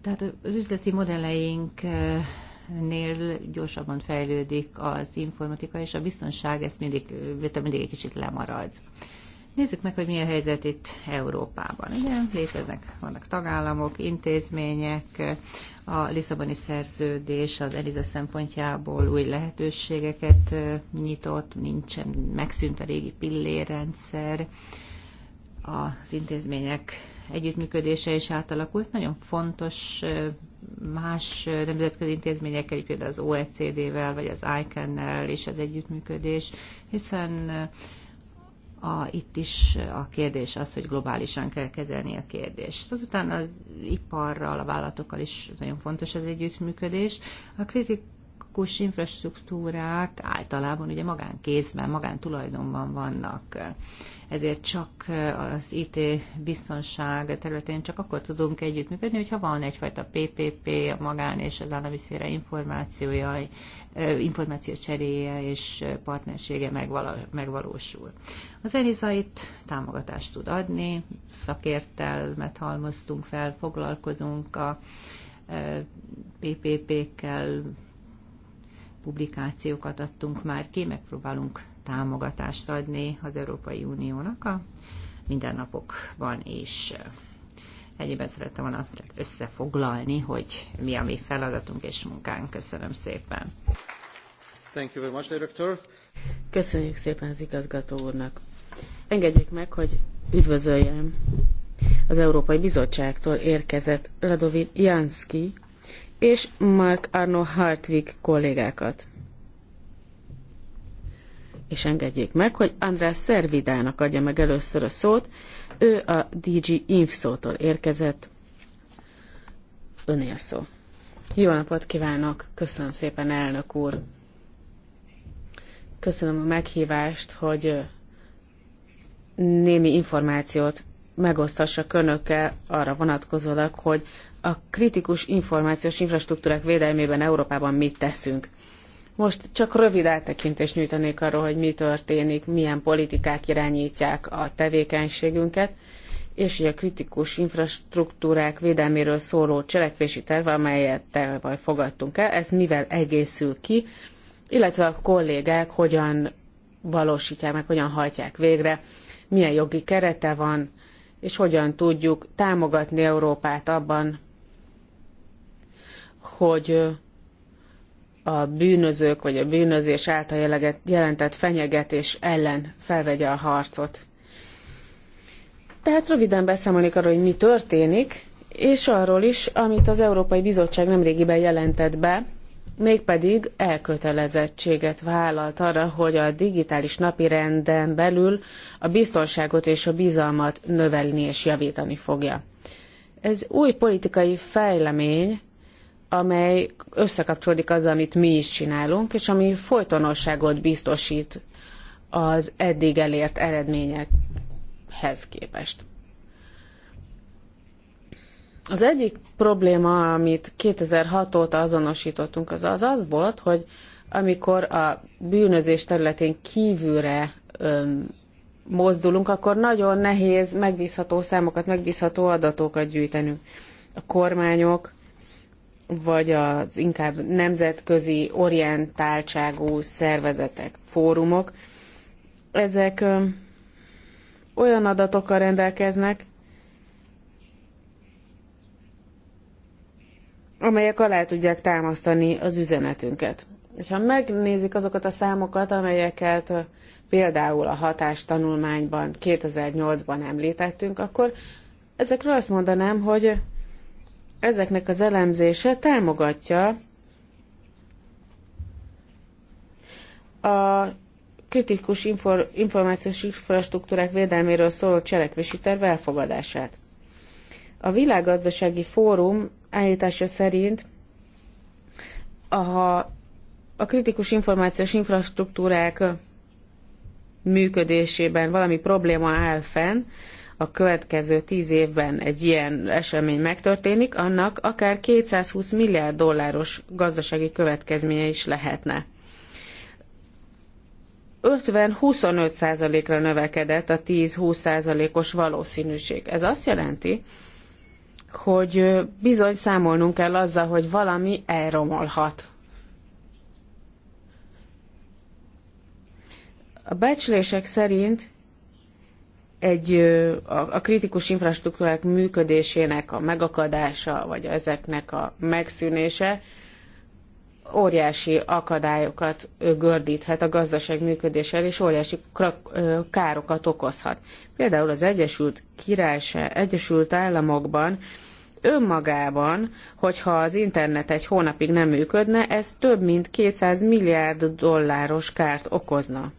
Tehát az üzleti modelleink nél gyorsabban fejlődik az informatika, és a biztonság ezt mindig, mindig egy kicsit lemarad. Nézzük meg, hogy mi a helyzet itt Európában. Ugye léteznek, vannak tagállamok, intézmények, a Lisszaboni szerződés az Eliza szempontjából új lehetőségeket nyitott, nincsen, megszűnt a régi pillérrendszer, az intézmények együttműködése is átalakult. Nagyon fontos más nemzetközi intézményekkel, például az OECD-vel, vagy az ican nel is az együttműködés, hiszen a, itt is a kérdés az, hogy globálisan kell kezelni a kérdést. Szóval azután az iparral, a vállalatokkal is nagyon fontos az együttműködés. A kritikus infrastruktúrák általában ugye magánkézben, magántulajdonban vannak. Ezért csak az IT biztonság területén csak akkor tudunk együttműködni, hogyha van egyfajta PPP, a magán és az állami szféra információja információ cseréje és partnersége megvalósul. Az ELISA itt támogatást tud adni, szakértelmet halmoztunk fel, foglalkozunk a PPP-kkel, publikációkat adtunk már ki, megpróbálunk támogatást adni az Európai Uniónak a mindennapokban is. Ennyiben szerettem volna összefoglalni, hogy mi a mi feladatunk és munkánk. Köszönöm szépen. Thank you very much, Director. Köszönjük szépen az igazgató úrnak. Engedjék meg, hogy üdvözöljem az Európai Bizottságtól érkezett Radovin Janski és Mark Arno Hartwig kollégákat. És engedjék meg, hogy András Szervidának adja meg először a szót, ő a DG Infszótól érkezett. Önél szó. Jó napot kívánok! Köszönöm szépen, elnök úr! Köszönöm a meghívást, hogy némi információt megosztassak önökkel arra vonatkozólag, hogy a kritikus információs infrastruktúrák védelmében Európában mit teszünk. Most csak rövid áttekintést nyújtanék arról, hogy mi történik, milyen politikák irányítják a tevékenységünket, és hogy a kritikus infrastruktúrák védelméről szóló cselekvési terv, amelyet tervaj fogadtunk el, ez mivel egészül ki, illetve a kollégák hogyan valósítják meg, hogyan hajtják végre, milyen jogi kerete van, és hogyan tudjuk támogatni Európát abban, hogy a bűnözők vagy a bűnözés által jelentett fenyegetés ellen felvegye a harcot. Tehát röviden beszámolnék arról, hogy mi történik, és arról is, amit az Európai Bizottság nemrégiben jelentett be, mégpedig elkötelezettséget vállalt arra, hogy a digitális napirenden belül a biztonságot és a bizalmat növelni és javítani fogja. Ez új politikai fejlemény, amely összekapcsolódik azzal, amit mi is csinálunk, és ami folytonosságot biztosít az eddig elért eredményekhez képest. Az egyik probléma, amit 2006 óta azonosítottunk, az az, az volt, hogy amikor a bűnözés területén kívülre öm, mozdulunk, akkor nagyon nehéz megbízható számokat, megbízható adatokat gyűjtenünk. A kormányok vagy az inkább nemzetközi orientáltságú szervezetek, fórumok, ezek olyan adatokkal rendelkeznek, amelyek alá tudják támasztani az üzenetünket. Ha megnézik azokat a számokat, amelyeket például a hatástanulmányban 2008-ban említettünk, akkor ezekről azt mondanám, hogy ezeknek az elemzése támogatja a kritikus infor- információs infrastruktúrák védelméről szóló cselekvési terv elfogadását. A világgazdasági fórum állítása szerint a, a kritikus információs infrastruktúrák működésében valami probléma áll fenn, a következő tíz évben egy ilyen esemény megtörténik, annak akár 220 milliárd dolláros gazdasági következménye is lehetne. 50-25 százalékra növekedett a 10-20 százalékos valószínűség. Ez azt jelenti, hogy bizony számolnunk kell azzal, hogy valami elromolhat. A becslések szerint egy, a, kritikus infrastruktúrák működésének a megakadása, vagy ezeknek a megszűnése óriási akadályokat gördíthet a gazdaság működéssel, és óriási károkat okozhat. Például az Egyesült Királyság, Egyesült Államokban önmagában, hogyha az internet egy hónapig nem működne, ez több mint 200 milliárd dolláros kárt okozna.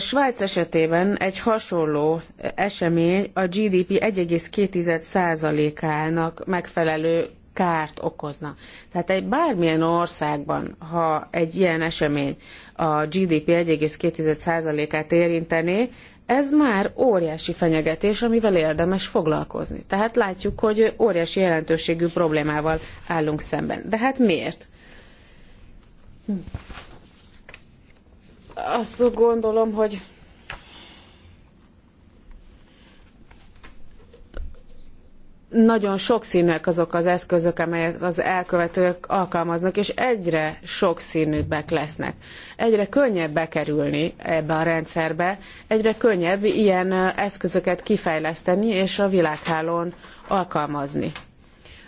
Svájc esetében egy hasonló esemény a GDP 1,2%-ának megfelelő kárt okozna. Tehát egy bármilyen országban, ha egy ilyen esemény a GDP 1,2%-át érintené, ez már óriási fenyegetés, amivel érdemes foglalkozni. Tehát látjuk, hogy óriási jelentőségű problémával állunk szemben. De hát miért? azt gondolom, hogy nagyon sokszínűek azok az eszközök, amelyet az elkövetők alkalmaznak, és egyre sokszínűbbek lesznek. Egyre könnyebb bekerülni ebbe a rendszerbe, egyre könnyebb ilyen eszközöket kifejleszteni és a világhálón alkalmazni.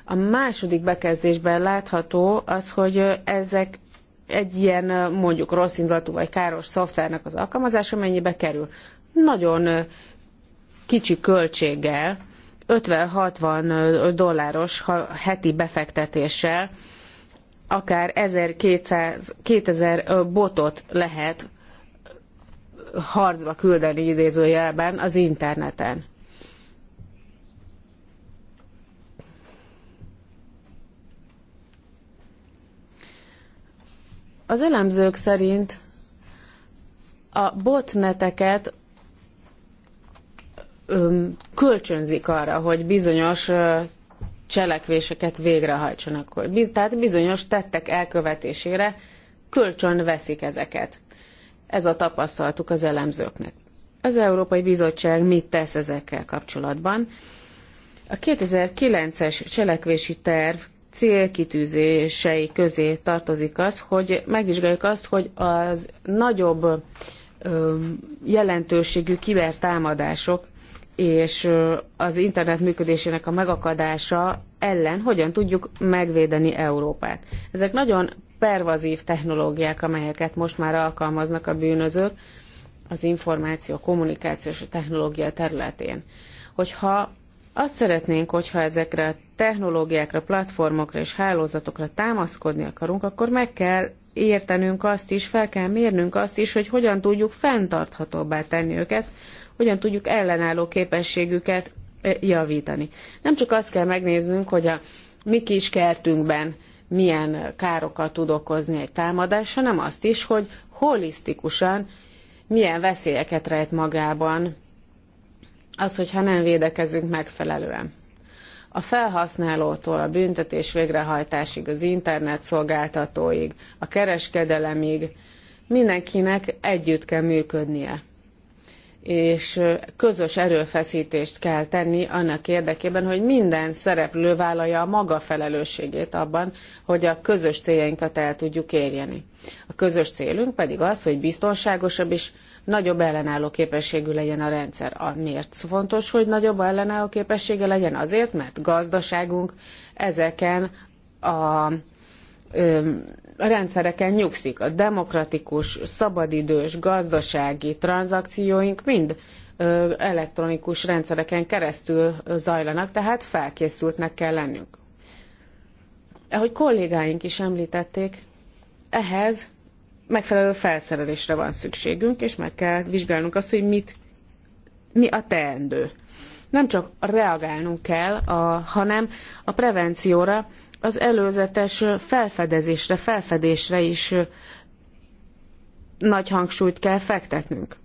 A második bekezdésben látható az, hogy ezek egy ilyen mondjuk rossz indulatú vagy káros szoftvernek az alkalmazása mennyibe kerül? Nagyon kicsi költséggel, 50-60 dolláros heti befektetéssel, akár 1200, 2000 botot lehet harcba küldeni idézőjelben az interneten. Az elemzők szerint a botneteket öm, kölcsönzik arra, hogy bizonyos cselekvéseket végrehajtsanak. Tehát bizonyos tettek elkövetésére kölcsön veszik ezeket. Ez a tapasztalatuk az elemzőknek. Az Európai Bizottság mit tesz ezekkel kapcsolatban? A 2009-es cselekvési terv célkitűzései közé tartozik az, hogy megvizsgáljuk azt, hogy az nagyobb jelentőségű kibertámadások és az internet működésének a megakadása ellen hogyan tudjuk megvédeni Európát. Ezek nagyon pervazív technológiák, amelyeket most már alkalmaznak a bűnözők az információ, kommunikációs technológia területén. Hogyha azt szeretnénk, hogyha ezekre a technológiákra, platformokra és hálózatokra támaszkodni akarunk, akkor meg kell értenünk azt is, fel kell mérnünk azt is, hogy hogyan tudjuk fenntarthatóbbá tenni őket, hogyan tudjuk ellenálló képességüket eh, javítani. Nem csak azt kell megnéznünk, hogy a mi kis kertünkben milyen károkat tud okozni egy támadás, hanem azt is, hogy holisztikusan milyen veszélyeket rejt magában az, hogyha nem védekezünk megfelelően. A felhasználótól a büntetés végrehajtásig, az internet szolgáltatóig, a kereskedelemig mindenkinek együtt kell működnie és közös erőfeszítést kell tenni annak érdekében, hogy minden szereplő vállalja a maga felelősségét abban, hogy a közös céljainkat el tudjuk érjeni. A közös célunk pedig az, hogy biztonságosabb és nagyobb ellenálló képességű legyen a rendszer. Miért fontos, hogy nagyobb ellenálló képessége legyen? Azért, mert gazdaságunk ezeken a a rendszereken nyugszik. A demokratikus, szabadidős, gazdasági tranzakcióink mind elektronikus rendszereken keresztül zajlanak, tehát felkészültnek kell lennünk. Ahogy kollégáink is említették, ehhez megfelelő felszerelésre van szükségünk, és meg kell vizsgálnunk azt, hogy mit, mi a teendő. Nem csak reagálnunk kell, a, hanem a prevencióra, az előzetes felfedezésre, felfedésre is nagy hangsúlyt kell fektetnünk.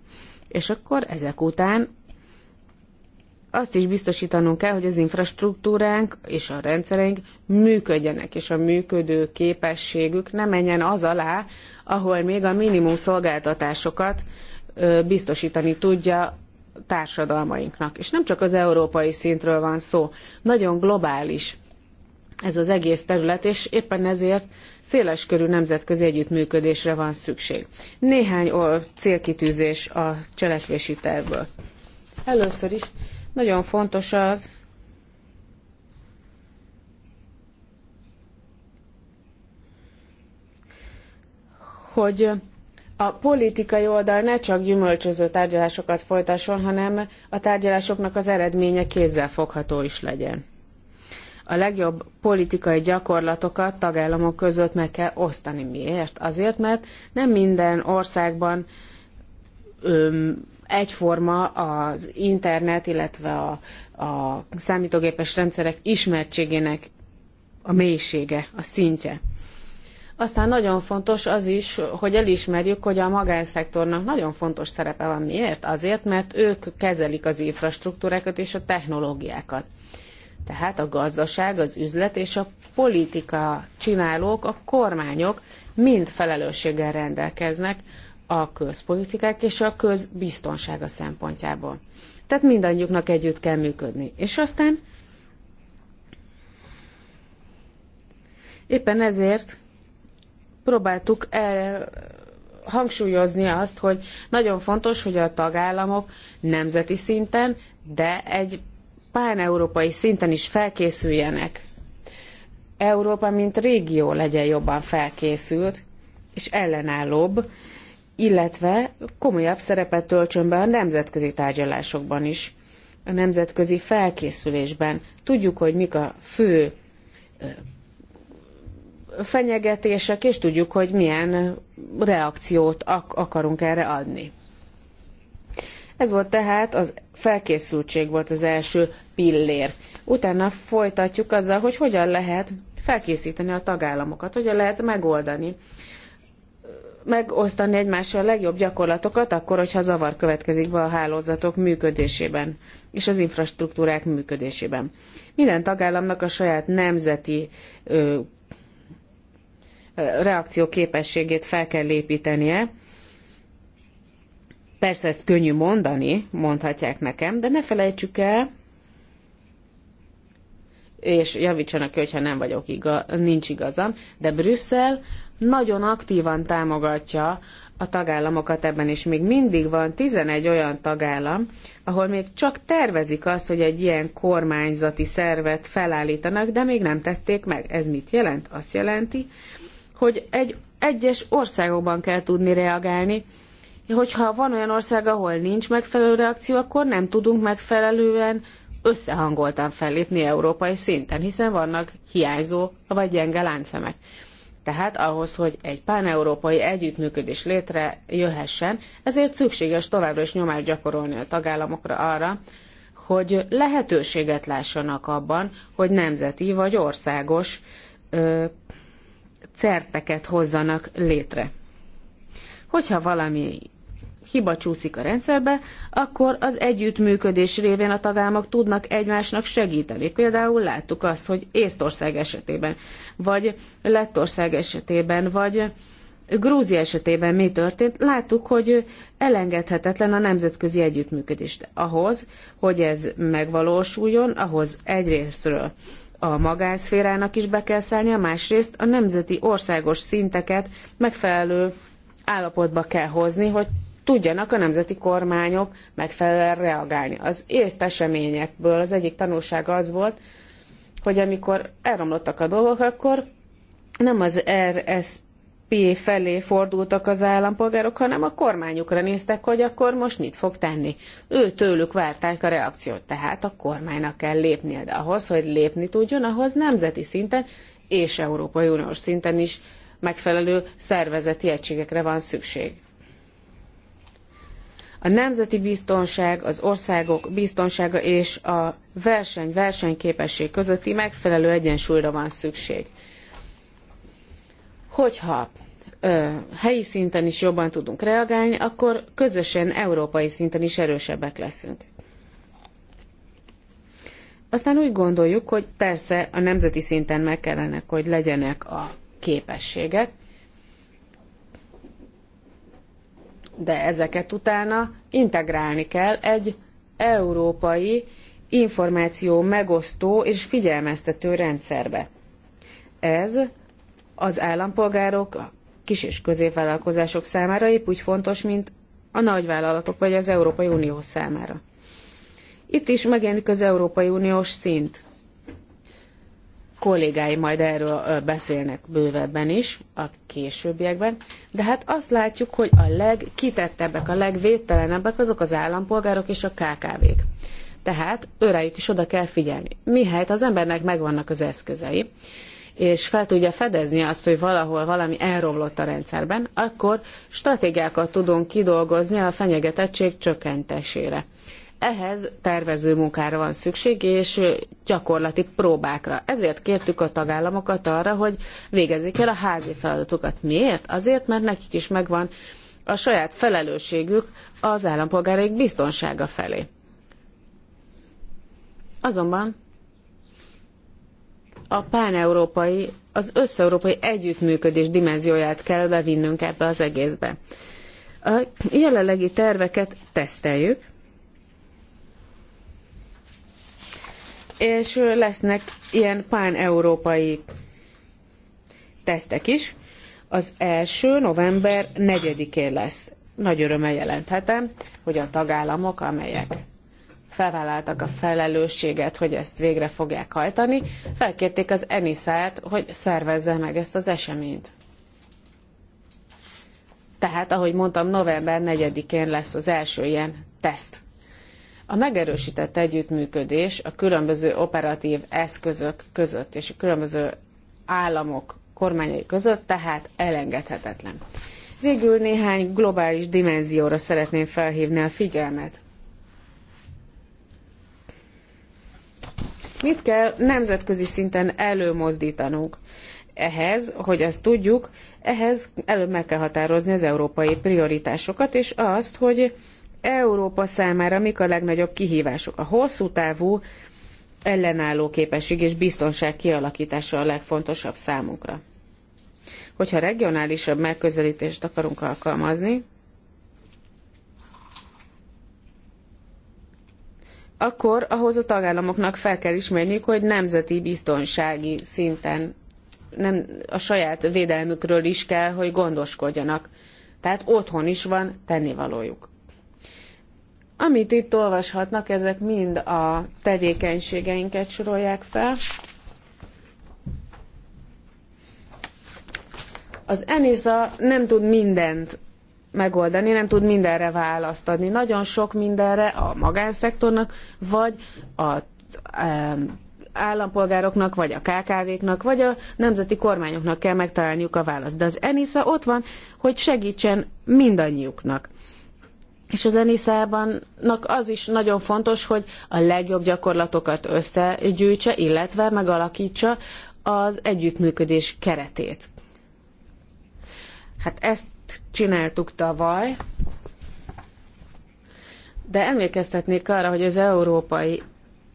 És akkor ezek után azt is biztosítanunk kell, hogy az infrastruktúránk és a rendszereink működjenek, és a működő képességük ne menjen az alá, ahol még a minimum szolgáltatásokat biztosítani tudja társadalmainknak. És nem csak az európai szintről van szó, nagyon globális ez az egész terület, és éppen ezért széleskörű nemzetközi együttműködésre van szükség. Néhány célkitűzés a cselekvési tervből. Először is nagyon fontos az, hogy a politikai oldal ne csak gyümölcsöző tárgyalásokat folytasson, hanem a tárgyalásoknak az eredménye fogható is legyen. A legjobb politikai gyakorlatokat tagállamok között meg kell osztani. Miért? Azért, mert nem minden országban öm, egyforma az internet, illetve a, a számítógépes rendszerek ismertségének a mélysége, a szintje. Aztán nagyon fontos az is, hogy elismerjük, hogy a magánszektornak nagyon fontos szerepe van. Miért? Azért, mert ők kezelik az infrastruktúrákat és a technológiákat. Tehát a gazdaság, az üzlet és a politika csinálók, a kormányok mind felelősséggel rendelkeznek a közpolitikák és a közbiztonsága szempontjából. Tehát mindannyiuknak együtt kell működni. És aztán éppen ezért próbáltuk el hangsúlyozni azt, hogy nagyon fontos, hogy a tagállamok nemzeti szinten, de egy páneurópai szinten is felkészüljenek. Európa, mint régió legyen jobban felkészült, és ellenállóbb, illetve komolyabb szerepet töltsön be a nemzetközi tárgyalásokban is, a nemzetközi felkészülésben. Tudjuk, hogy mik a fő fenyegetések, és tudjuk, hogy milyen reakciót akarunk erre adni. Ez volt tehát az felkészültség volt az első pillér. Utána folytatjuk azzal, hogy hogyan lehet felkészíteni a tagállamokat, hogyan lehet megoldani megosztani egymással a legjobb gyakorlatokat, akkor, hogyha zavar következik be a hálózatok működésében és az infrastruktúrák működésében. Minden tagállamnak a saját nemzeti ö, reakció képességét fel kell építenie. Persze ezt könnyű mondani, mondhatják nekem, de ne felejtsük el, és javítsanak ki, hogyha nem vagyok iga, nincs igazam, de Brüsszel nagyon aktívan támogatja a tagállamokat ebben, és még mindig van 11 olyan tagállam, ahol még csak tervezik azt, hogy egy ilyen kormányzati szervet felállítanak, de még nem tették meg. Ez mit jelent? Azt jelenti, hogy egy egyes országokban kell tudni reagálni, hogyha van olyan ország, ahol nincs megfelelő reakció, akkor nem tudunk megfelelően összehangoltan fellépni európai szinten, hiszen vannak hiányzó vagy gyenge láncszemek. Tehát ahhoz, hogy egy páneurópai együttműködés létrejöhessen, ezért szükséges továbbra is nyomást gyakorolni a tagállamokra arra, hogy lehetőséget lássanak abban, hogy nemzeti vagy országos ö, certeket hozzanak létre. Hogyha valami hiba csúszik a rendszerbe, akkor az együttműködés révén a tagállamok tudnak egymásnak segíteni. Például láttuk azt, hogy Észtország esetében, vagy Lettország esetében, vagy Grúzia esetében mi történt, láttuk, hogy elengedhetetlen a nemzetközi együttműködés ahhoz, hogy ez megvalósuljon, ahhoz egyrésztről a magánszférának is be kell szállnia, másrészt a nemzeti országos szinteket megfelelő állapotba kell hozni, hogy tudjanak a nemzeti kormányok megfelelően reagálni. Az észt eseményekből az egyik tanulsága az volt, hogy amikor elromlottak a dolgok, akkor nem az RSP felé fordultak az állampolgárok, hanem a kormányukra néztek, hogy akkor most mit fog tenni. Ő tőlük várták a reakciót, tehát a kormánynak kell lépnie, de ahhoz, hogy lépni tudjon, ahhoz nemzeti szinten és Európai Uniós szinten is megfelelő szervezeti egységekre van szükség. A nemzeti biztonság, az országok biztonsága és a verseny, versenyképesség közötti megfelelő egyensúlyra van szükség. Hogyha ö, helyi szinten is jobban tudunk reagálni, akkor közösen európai szinten is erősebbek leszünk. Aztán úgy gondoljuk, hogy persze a nemzeti szinten meg kellene, hogy legyenek a képességek, de ezeket utána integrálni kell egy európai információ megosztó és figyelmeztető rendszerbe. Ez az állampolgárok, a kis- és középvállalkozások számára épp úgy fontos, mint a nagyvállalatok vagy az Európai Unió számára. Itt is megjelenik az Európai Uniós szint kollégái majd erről beszélnek bővebben is a későbbiekben, de hát azt látjuk, hogy a legkitettebbek, a legvédtelenebbek azok az állampolgárok és a KKV-k. Tehát őrájuk is oda kell figyelni. Mihelyt az embernek megvannak az eszközei, és fel tudja fedezni azt, hogy valahol valami elromlott a rendszerben, akkor stratégiákat tudunk kidolgozni a fenyegetettség csökkentésére. Ehhez tervező munkára van szükség, és gyakorlati próbákra. Ezért kértük a tagállamokat arra, hogy végezzék el a házi feladatukat. Miért? Azért, mert nekik is megvan a saját felelősségük az állampolgáraik biztonsága felé. Azonban a páneurópai, az összeurópai együttműködés dimenzióját kell bevinnünk ebbe az egészbe. A jelenlegi terveket teszteljük, és lesznek ilyen pán-európai tesztek is. Az első november 4-én lesz. Nagy örömmel jelenthetem, hogy a tagállamok, amelyek felvállaltak a felelősséget, hogy ezt végre fogják hajtani, felkérték az Enisát, hogy szervezze meg ezt az eseményt. Tehát, ahogy mondtam, november 4-én lesz az első ilyen teszt. A megerősített együttműködés a különböző operatív eszközök között és a különböző államok kormányai között tehát elengedhetetlen. Végül néhány globális dimenzióra szeretném felhívni a figyelmet. Mit kell nemzetközi szinten előmozdítanunk? Ehhez, hogy ezt tudjuk, ehhez előbb meg kell határozni az európai prioritásokat, és azt, hogy Európa számára mik a legnagyobb kihívások? A hosszú távú ellenálló képesség és biztonság kialakítása a legfontosabb számunkra. Hogyha regionálisabb megközelítést akarunk alkalmazni, akkor ahhoz a tagállamoknak fel kell ismerniük, hogy nemzeti biztonsági szinten nem a saját védelmükről is kell, hogy gondoskodjanak. Tehát otthon is van tennivalójuk. Amit itt olvashatnak, ezek mind a tevékenységeinket sorolják fel. Az ENISA nem tud mindent megoldani, nem tud mindenre választ adni. Nagyon sok mindenre a magánszektornak, vagy a állampolgároknak, vagy a KKV-knak, vagy a nemzeti kormányoknak kell megtalálniuk a választ. De az ENISA ott van, hogy segítsen mindannyiuknak. És az Eniszában az is nagyon fontos, hogy a legjobb gyakorlatokat összegyűjtse, illetve megalakítsa az együttműködés keretét. Hát ezt csináltuk tavaly, de emlékeztetnék arra, hogy az Európai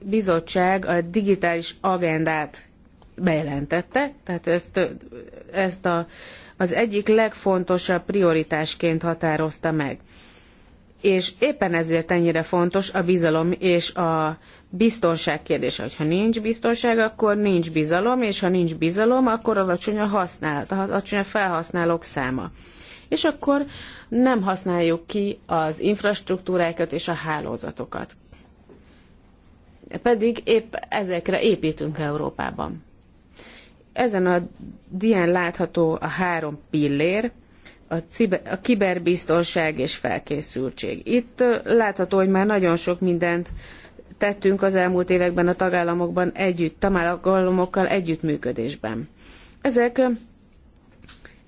Bizottság a digitális agendát bejelentette, tehát ezt, ezt a, az egyik legfontosabb prioritásként határozta meg és éppen ezért ennyire fontos a bizalom és a biztonság kérdése. ha nincs biztonság, akkor nincs bizalom, és ha nincs bizalom, akkor alacsony a használat, alacsony a felhasználók száma. És akkor nem használjuk ki az infrastruktúrákat és a hálózatokat. Pedig épp ezekre építünk Európában. Ezen a dián látható a három pillér, a, ciber, a kiberbiztonság és felkészültség. Itt látható, hogy már nagyon sok mindent tettünk az elmúlt években a tagállamokban együtt, tagállamokkal együttműködésben. Ezek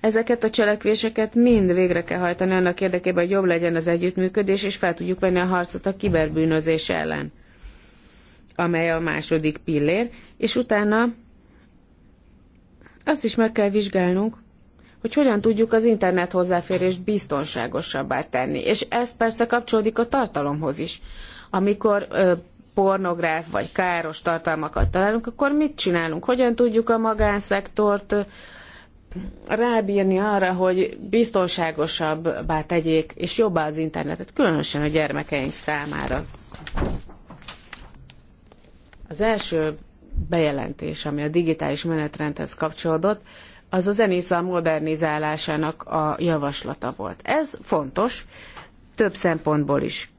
Ezeket a cselekvéseket mind végre kell hajtani annak érdekében, hogy jobb legyen az együttműködés, és fel tudjuk venni a harcot a kiberbűnözés ellen, amely a második pillér, és utána azt is meg kell vizsgálnunk, hogy hogyan tudjuk az internet hozzáférést biztonságosabbá tenni. És ez persze kapcsolódik a tartalomhoz is. Amikor ö, pornográf vagy káros tartalmakat találunk, akkor mit csinálunk? Hogyan tudjuk a magánszektort rábírni arra, hogy biztonságosabbá tegyék és jobbá az internetet, különösen a gyermekeink számára? Az első bejelentés, ami a digitális menetrendhez kapcsolódott, az a zenészá modernizálásának a javaslata volt. Ez fontos, több szempontból is.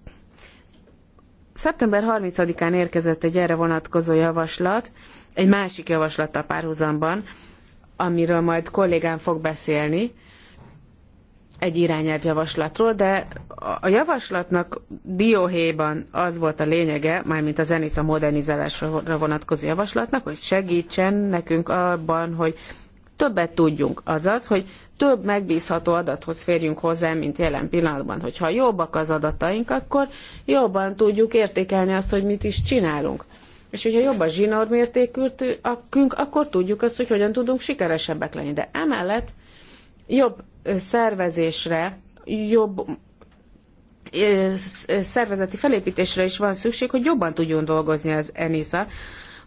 Szeptember 30-án érkezett egy erre vonatkozó javaslat, egy másik a párhuzamban, amiről majd kollégám fog beszélni, egy irányelvjavaslatról, de a javaslatnak dióhéjban az volt a lényege, mármint a zenész a modernizálásra vonatkozó javaslatnak, hogy segítsen nekünk abban, hogy többet tudjunk. Azaz, hogy több megbízható adathoz férjünk hozzá, mint jelen pillanatban. Hogyha jobbak az adataink, akkor jobban tudjuk értékelni azt, hogy mit is csinálunk. És hogyha jobb a zsinórmértékünk, akkor tudjuk azt, hogy hogyan tudunk sikeresebbek lenni. De emellett jobb szervezésre, jobb szervezeti felépítésre is van szükség, hogy jobban tudjon dolgozni az ENISA,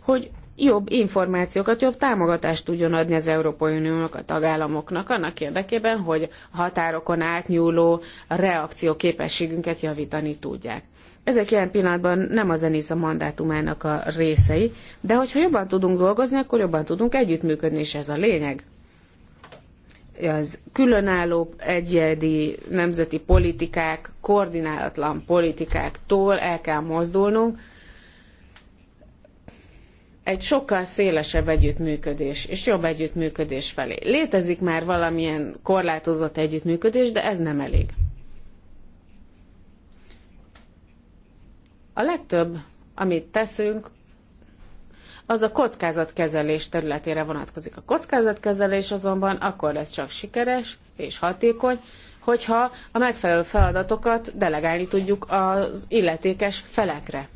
hogy jobb információkat, jobb támogatást tudjon adni az Európai Uniónak, a tagállamoknak annak érdekében, hogy a határokon átnyúló reakció képességünket javítani tudják. Ezek ilyen pillanatban nem a zenész a mandátumának a részei, de hogyha jobban tudunk dolgozni, akkor jobban tudunk együttműködni, és ez a lényeg az különálló egyedi nemzeti politikák, koordinálatlan politikáktól el kell mozdulnunk, egy sokkal szélesebb együttműködés és jobb együttműködés felé. Létezik már valamilyen korlátozott együttműködés, de ez nem elég. A legtöbb, amit teszünk, az a kockázatkezelés területére vonatkozik. A kockázatkezelés azonban akkor lesz csak sikeres és hatékony, hogyha a megfelelő feladatokat delegálni tudjuk az illetékes felekre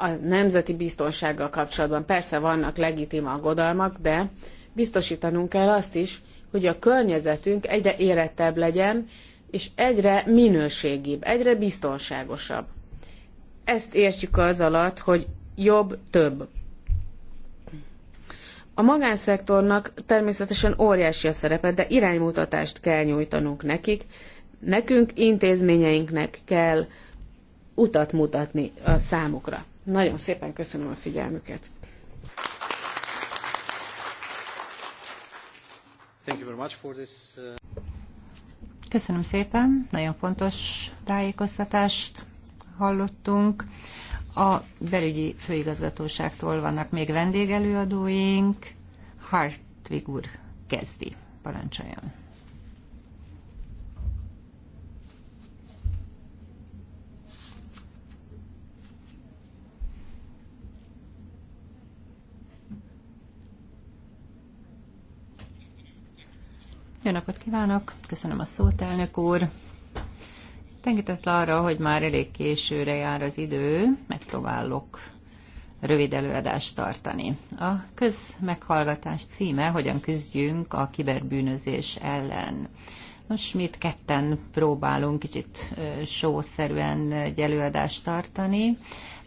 a nemzeti biztonsággal kapcsolatban persze vannak legitim aggodalmak, de biztosítanunk kell azt is, hogy a környezetünk egyre érettebb legyen, és egyre minőségibb, egyre biztonságosabb. Ezt értjük az alatt, hogy jobb, több. A magánszektornak természetesen óriási a szerepe, de iránymutatást kell nyújtanunk nekik. Nekünk, intézményeinknek kell utat mutatni a számukra. Nagyon szépen köszönöm a figyelmüket. Uh, köszönöm szépen, nagyon fontos tájékoztatást hallottunk. A belügyi főigazgatóságtól vannak még vendégelőadóink. Hartwig úr kezdi. Parancsoljon. Jó napot kívánok! Köszönöm a szót, elnök úr! Tenkített arra, hogy már elég későre jár az idő, megpróbálok rövid előadást tartani. A közmeghallgatás címe Hogyan küzdjünk a kiberbűnözés ellen. Nos, mi itt ketten próbálunk kicsit sószerűen egy előadást tartani.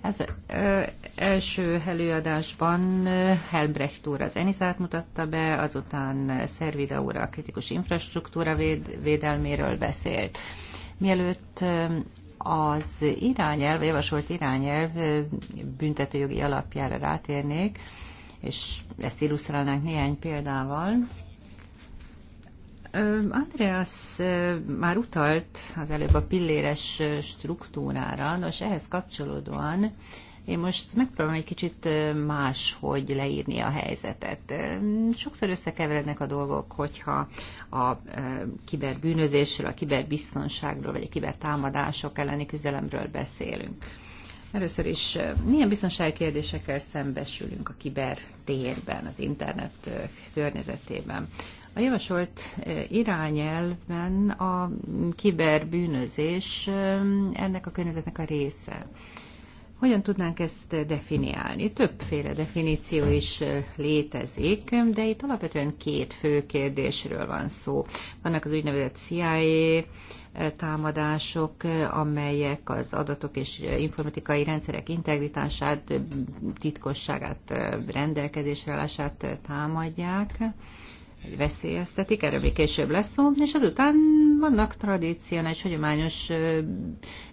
Ez ö, első előadásban Helbrecht úr az Enizát mutatta be, azután Szervida úr a kritikus infrastruktúra véd, védelméről beszélt. Mielőtt az irányelv, javasolt irányelv büntetőjogi alapjára rátérnék, és ezt illusztrálnánk néhány példával. Andreas már utalt az előbb a pilléres struktúrára, nos ehhez kapcsolódóan én most megpróbálom egy kicsit más, hogy leírni a helyzetet. Sokszor összekeverednek a dolgok, hogyha a kiberbűnözésről, a kiberbiztonságról, vagy a kibertámadások elleni küzdelemről beszélünk. Először is milyen biztonsági kérdésekkel szembesülünk a kibertérben, az internet környezetében? A javasolt irányelvben a kiberbűnözés ennek a környezetnek a része. Hogyan tudnánk ezt definiálni? Többféle definíció is létezik, de itt alapvetően két fő kérdésről van szó. Vannak az úgynevezett CIA támadások, amelyek az adatok és informatikai rendszerek integritását, titkosságát, rendelkezésre állását támadják veszélyeztetik, erről még később lesz szó, és azután vannak tradicionális, hagyományos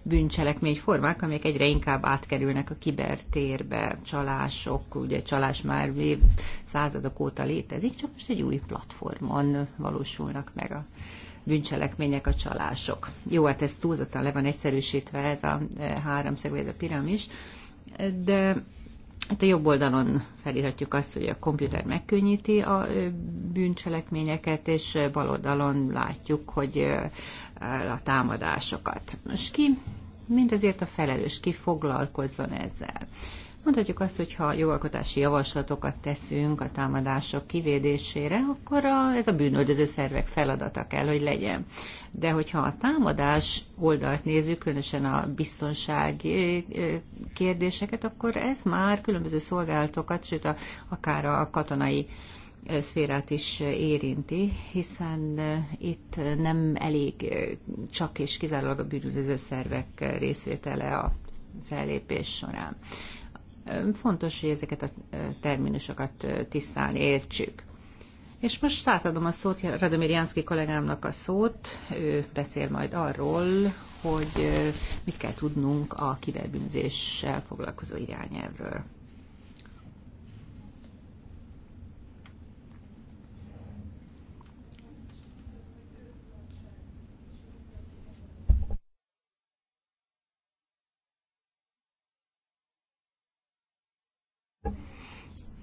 bűncselekményformák, amelyek egyre inkább átkerülnek a kibertérbe, csalások, ugye csalás már év századok óta létezik, csak most egy új platformon valósulnak meg a bűncselekmények, a csalások. Jó, hát ez túlzottan le van egyszerűsítve ez a háromszög, vagy ez a piramis, de Hát a jobb oldalon felírhatjuk azt, hogy a komputer megkönnyíti a bűncselekményeket, és bal oldalon látjuk, hogy a támadásokat. Most ki mindezért a felelős, ki foglalkozzon ezzel? Mondhatjuk azt, hogy ha jogalkotási javaslatokat teszünk a támadások kivédésére, akkor a, ez a bűnöldöző szervek feladata kell, hogy legyen. De hogyha a támadás oldalt nézzük, különösen a biztonsági kérdéseket, akkor ez már különböző szolgálatokat, sőt a, akár a katonai szférát is érinti, hiszen itt nem elég csak és kizárólag a bűnöző szervek részvétele a fellépés során. Fontos, hogy ezeket a terminusokat tisztán értsük. És most átadom a szót Radomir Jánszki kollégámnak a szót, ő beszél majd arról, hogy mit kell tudnunk a kiberbűnözéssel foglalkozó irányelvről.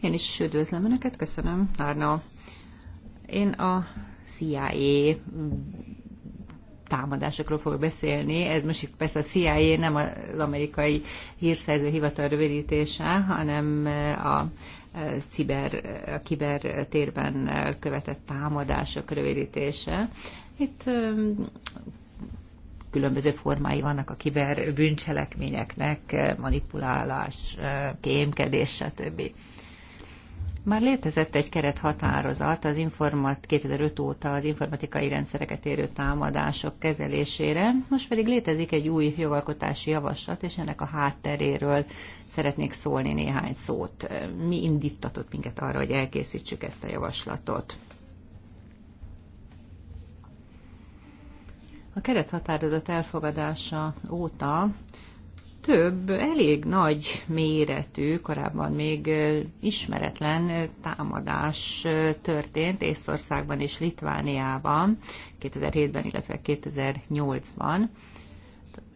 Én is üdvözlöm Önöket, köszönöm, Arno. Én a CIA támadásokról fogok beszélni. Ez most itt persze a CIA nem az amerikai hírszerző hivatal rövidítése, hanem a ciber, a kiber térben követett támadások rövidítése. Itt különböző formái vannak a kiber bűncselekményeknek, manipulálás, kémkedés, stb. Már létezett egy kerethatározat az informat 2005 óta az informatikai rendszereket érő támadások kezelésére, most pedig létezik egy új jogalkotási javaslat, és ennek a hátteréről szeretnék szólni néhány szót. Mi indítatott minket arra, hogy elkészítsük ezt a javaslatot? A kerethatározat elfogadása óta több elég nagy méretű, korábban még ismeretlen támadás történt Észtországban és Litvániában 2007-ben, illetve 2008-ban.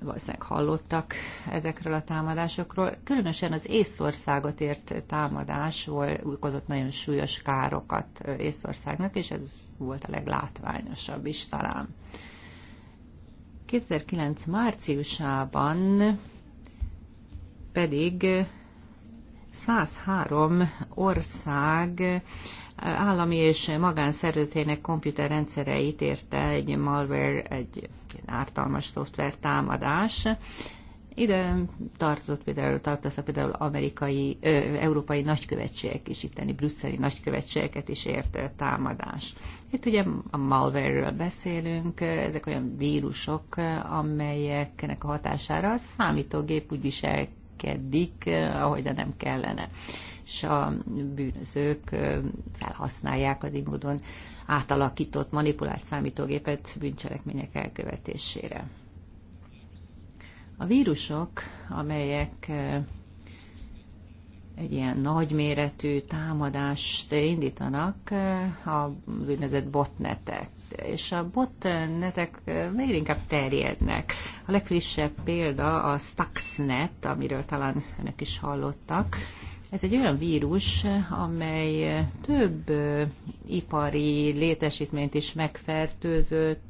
Valószínűleg hallottak ezekről a támadásokról. Különösen az Észtországot ért támadás volt, okozott nagyon súlyos károkat Észtországnak, és ez volt a leglátványosabb is talán. 2009 márciusában pedig 103 ország állami és magánszervezetének komputerrendszereit érte egy malware, egy ártalmas szoftver támadás. Ide tartozott például, tartozott például amerikai, ö, európai nagykövetségek is, itteni brüsszeli nagykövetségeket is ért támadás. Itt ugye a malware-ről beszélünk, ezek olyan vírusok, amelyeknek a hatására a számítógép úgy visel viselkedik, eh, ahogy de nem kellene. És a bűnözők eh, felhasználják az így módon átalakított, manipulált számítógépet bűncselekmények elkövetésére. A vírusok, amelyek eh, egy ilyen nagyméretű támadást indítanak eh, a úgynevezett botnetek. És a botnetek eh, még inkább terjednek. A legfrissebb példa a Stuxnet, amiről talán önök is hallottak. Ez egy olyan vírus, amely eh, több ipari létesítményt is megfertőzött,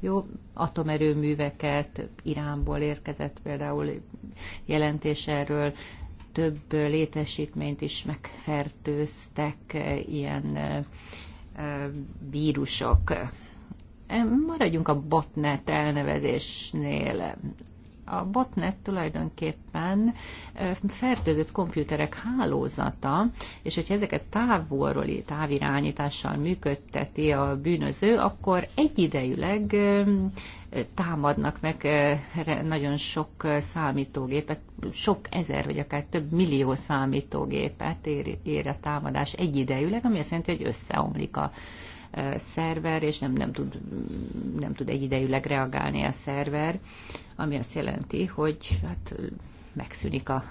jó atomerőműveket, Iránból érkezett például jelentés erről, több létesítményt is megfertőztek eh, ilyen eh, vírusok. Eh, maradjunk a botnet elnevezésnél. A botnet tulajdonképpen fertőzött komputerek hálózata, és hogyha ezeket távolról, távirányítással működteti a bűnöző, akkor egyidejűleg támadnak meg nagyon sok számítógépet, sok ezer vagy akár több millió számítógépet ér, ér a támadás egyidejűleg, ami azt jelenti, hogy összeomlik a szerver, és nem, nem, tud, nem tud egyidejűleg reagálni a szerver, ami azt jelenti, hogy hát megszűnik a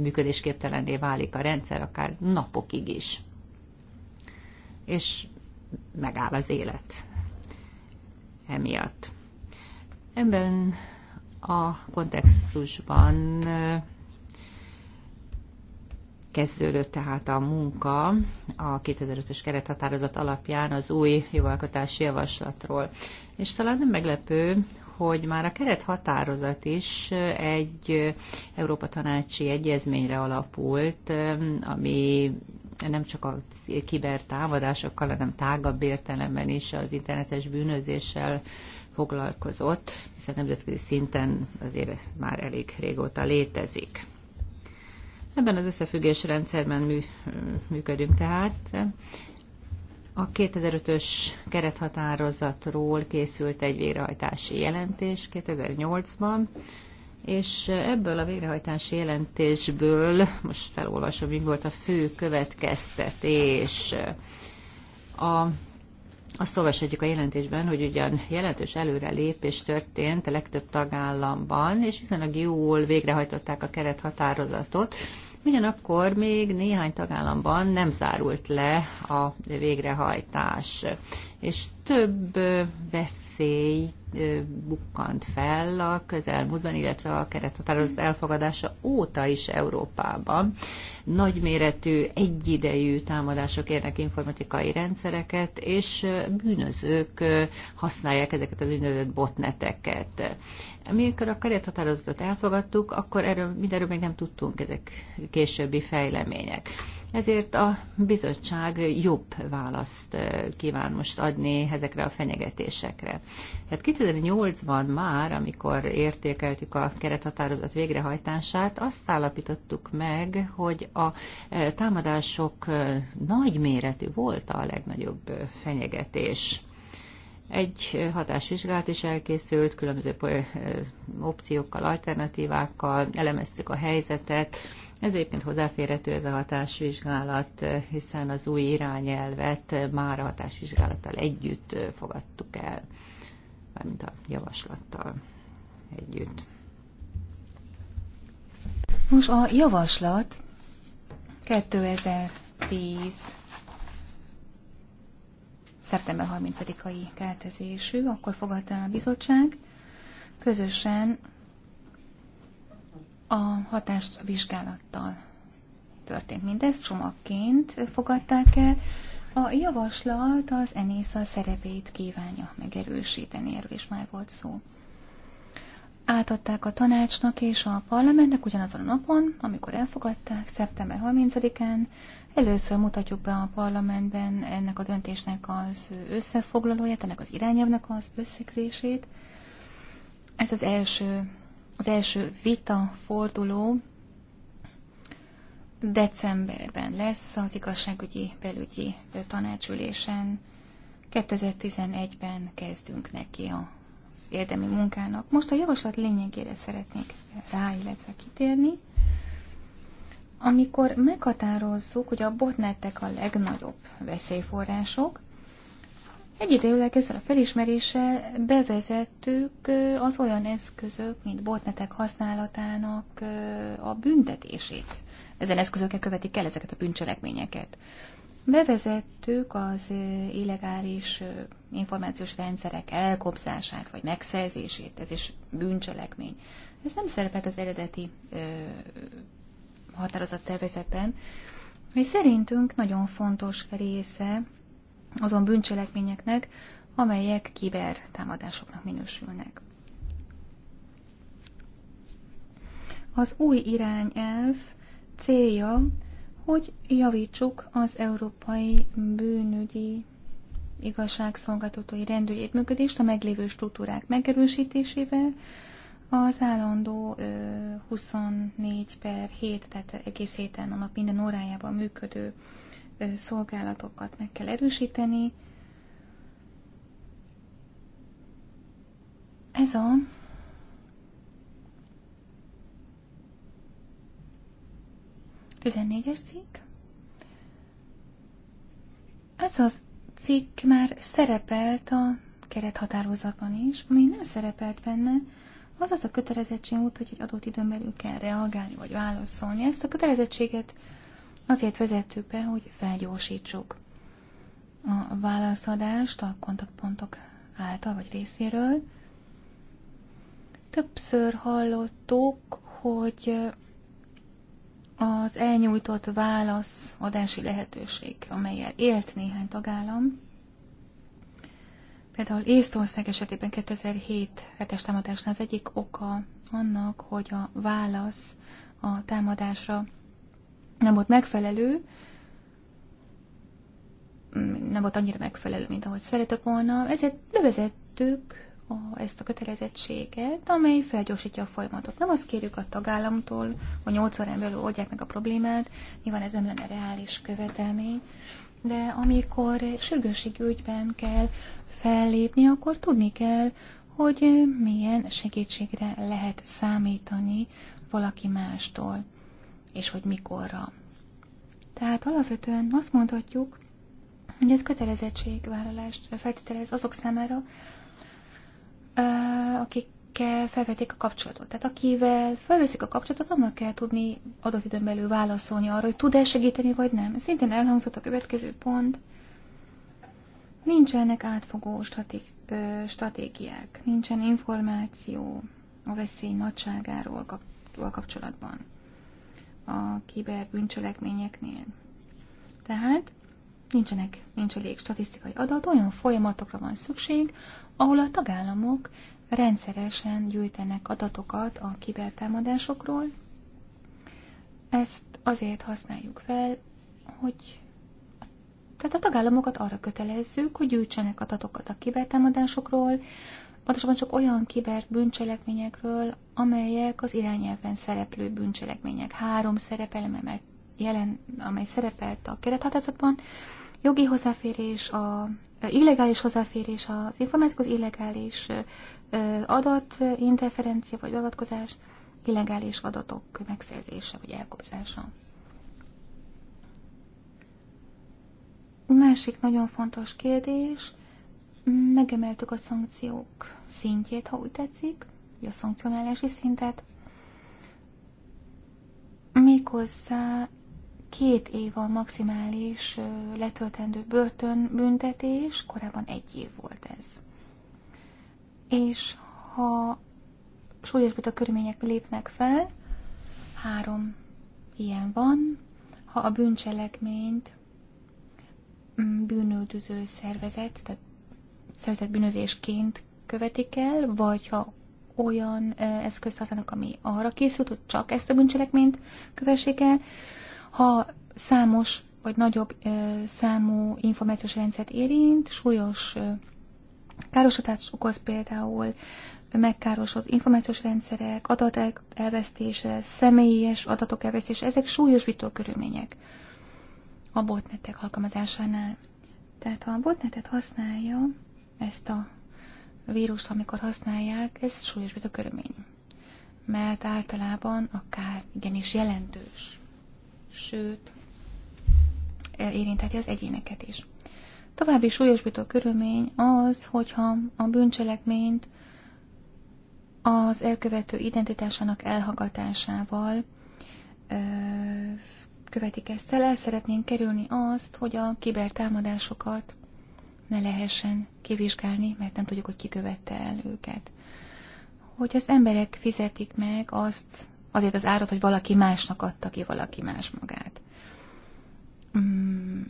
működésképtelenné válik a rendszer, akár napokig is. És megáll az élet emiatt. Ebben a kontextusban kezdődött tehát a munka a 2005-ös kerethatározat alapján az új jogalkotási javaslatról. És talán nem meglepő, hogy már a kerethatározat is egy Európa Tanácsi Egyezményre alapult, ami nem csak a kibertámadásokkal, hanem tágabb értelemben is az internetes bűnözéssel foglalkozott, hiszen nemzetközi szinten azért már elég régóta létezik. Ebben az összefüggés rendszerben mű, működünk tehát. A 2005-ös kerethatározatról készült egy végrehajtási jelentés 2008-ban, és ebből a végrehajtási jelentésből, most felolvasom, mi volt a fő következtetés. A azt olvashatjuk a jelentésben, hogy ugyan jelentős előrelépés történt a legtöbb tagállamban, és viszonylag jól végrehajtották a kerethatározatot, ugyanakkor még néhány tagállamban nem zárult le a végrehajtás. És több veszély bukkant fel a közelmúltban, illetve a kereszthatározat elfogadása óta is Európában. Nagyméretű, egyidejű támadások érnek informatikai rendszereket, és bűnözők használják ezeket az úgynevezett botneteket. Amikor a kereszthatározatot elfogadtuk, akkor erről, mindenről még nem tudtunk ezek későbbi fejlemények. Ezért a bizottság jobb választ eh, kíván most adni ezekre a fenyegetésekre. Hát 2008-ban már, amikor értékeltük a kerethatározat végrehajtását, azt állapítottuk meg, hogy a eh, támadások eh, nagy méretű volt a legnagyobb fenyegetés. Egy hatásvizsgálat is elkészült, különböző opciókkal, alternatívákkal elemeztük a helyzetet, ez egyébként hozzáférhető ez a hatásvizsgálat, hiszen az új irányelvet már a hatásvizsgálattal együtt fogadtuk el, mármint a javaslattal együtt. Most a javaslat 2010 szeptember 30-ai keltezésű, akkor fogadta el a bizottság, közösen a hatást vizsgálattal történt mindez, csomagként fogadták el. A javaslat az Enésza szerepét kívánja megerősíteni, erről is már volt szó. Átadták a tanácsnak és a parlamentnek ugyanazon a napon, amikor elfogadták, szeptember 30-án. Először mutatjuk be a parlamentben ennek a döntésnek az összefoglalóját, ennek az irányelvnek az összegzését. Ez az első az első vita forduló decemberben lesz az igazságügyi belügyi tanácsülésen. 2011-ben kezdünk neki az érdemi munkának. Most a javaslat lényegére szeretnék rá, illetve kitérni. Amikor meghatározzuk, hogy a botnettek a legnagyobb veszélyforrások, Egyidejűleg ezzel a felismeréssel bevezettük az olyan eszközök, mint botnetek használatának a büntetését. Ezen eszközökkel követik el ezeket a bűncselekményeket. Bevezettük az illegális információs rendszerek elkobzását vagy megszerzését, ez is bűncselekmény. Ez nem szerepelt az eredeti határozattervezetben, és szerintünk nagyon fontos része azon bűncselekményeknek, amelyek kiber támadásoknak minősülnek. Az új irányelv célja, hogy javítsuk az európai bűnügyi igazságszolgáltatói rendőri működést a meglévő struktúrák megerősítésével, az állandó 24 per 7, tehát egész héten a nap minden órájában működő szolgálatokat meg kell erősíteni. Ez a tizennégyes cikk. Ez az cikk már szerepelt a kerethatározatban is, ami nem szerepelt benne, az az a kötelezettség út, hogy egy adott időn belül kell reagálni vagy válaszolni. Ezt a kötelezettséget Azért vezettük be, hogy felgyorsítsuk a válaszadást a kontaktpontok által vagy részéről. Többször hallottuk, hogy az elnyújtott válasz adási lehetőség, amelyel élt néhány tagállam, Például Észtország esetében 2007 hetes támadásnál az egyik oka annak, hogy a válasz a támadásra nem volt megfelelő, nem volt annyira megfelelő, mint ahogy szeretek volna, ezért bevezettük a, ezt a kötelezettséget, amely felgyorsítja a folyamatot. Nem azt kérjük a tagállamtól, hogy 8 órán belül oldják meg a problémát, nyilván ez nem lenne reális követelmény, de amikor sürgőségi ügyben kell fellépni, akkor tudni kell, hogy milyen segítségre lehet számítani valaki mástól és hogy mikorra. Tehát alapvetően azt mondhatjuk, hogy ez kötelezettségvállalást feltételez azok számára, akikkel felvették a kapcsolatot. Tehát akivel felveszik a kapcsolatot, annak kell tudni adott időn belül válaszolni arra, hogy tud-e segíteni, vagy nem. Szintén elhangzott a következő pont. Nincsenek átfogó stratégiák, nincsen információ a veszély nagyságáról kapcsolatban a kiberbűncselekményeknél. Tehát nincsenek, nincs elég statisztikai adat, olyan folyamatokra van szükség, ahol a tagállamok rendszeresen gyűjtenek adatokat a kibertámadásokról. Ezt azért használjuk fel, hogy tehát a tagállamokat arra kötelezzük, hogy gyűjtsenek adatokat a kibertámadásokról, Pontosabban csak olyan kiber bűncselekményekről, amelyek az irányelven szereplő bűncselekmények. Három szerepel, jelen, amely szerepelt a kerethatározatban, jogi hozzáférés, a e, illegális hozzáférés az információhoz, illegális e, e, adat, interferencia vagy beavatkozás, illegális adatok megszerzése vagy elkobzása. Másik nagyon fontos kérdés, megemeltük a szankciók szintjét, ha úgy tetszik, a szankcionálási szintet, méghozzá két év a maximális letöltendő börtönbüntetés, korábban egy év volt ez. És ha a körülmények lépnek fel, három ilyen van, ha a bűncselekményt mm, bűnöldöző szervezet, tehát bűnözésként követik el, vagy ha olyan eszközt használnak, ami arra készült, hogy csak ezt a bűncselekményt kövessék el. Ha számos vagy nagyobb számú információs rendszert érint, súlyos károsodást okoz például megkárosodott információs rendszerek, adatok elvesztése, személyes adatok elvesztése, ezek súlyos körülmények a botnetek alkalmazásánál. Tehát ha a botnetet használja, ezt a vírust, amikor használják, ez súlyosbít a körülmény. Mert általában a kár igenis jelentős. Sőt, e, érintheti az egyéneket is. További súlyosbító körülmény az, hogyha a bűncselekményt az elkövető identitásának elhagatásával ö, e, követik ezt el. El szeretnénk kerülni azt, hogy a kibertámadásokat ne lehessen kivizsgálni, mert nem tudjuk, hogy ki követte el őket. Hogy az emberek fizetik meg azt, azért az árat, hogy valaki másnak adta ki valaki más magát. Mert mm,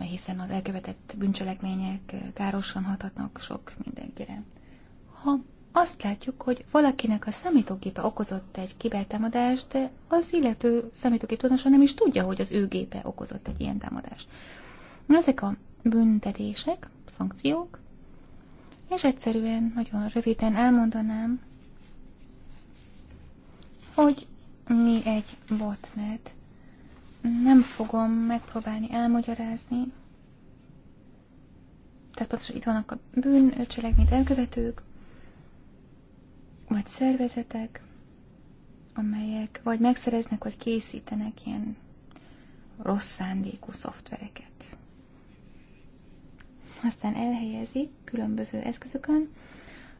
hiszen az elkövetett bűncselekmények károsan hathatnak sok mindenkire. Ha azt látjuk, hogy valakinek a számítógépe okozott egy kibertámadást, de az illető számítógép tudása nem is tudja, hogy az ő gépe okozott egy ilyen támadást. Ezek a büntetések, szankciók, és egyszerűen nagyon röviden elmondanám, hogy mi egy botnet. Nem fogom megpróbálni elmagyarázni. Tehát pontosan itt vannak a bűncselekményt elkövetők, vagy szervezetek, amelyek vagy megszereznek, vagy készítenek ilyen rossz szándékú szoftvereket aztán elhelyezi különböző eszközökön.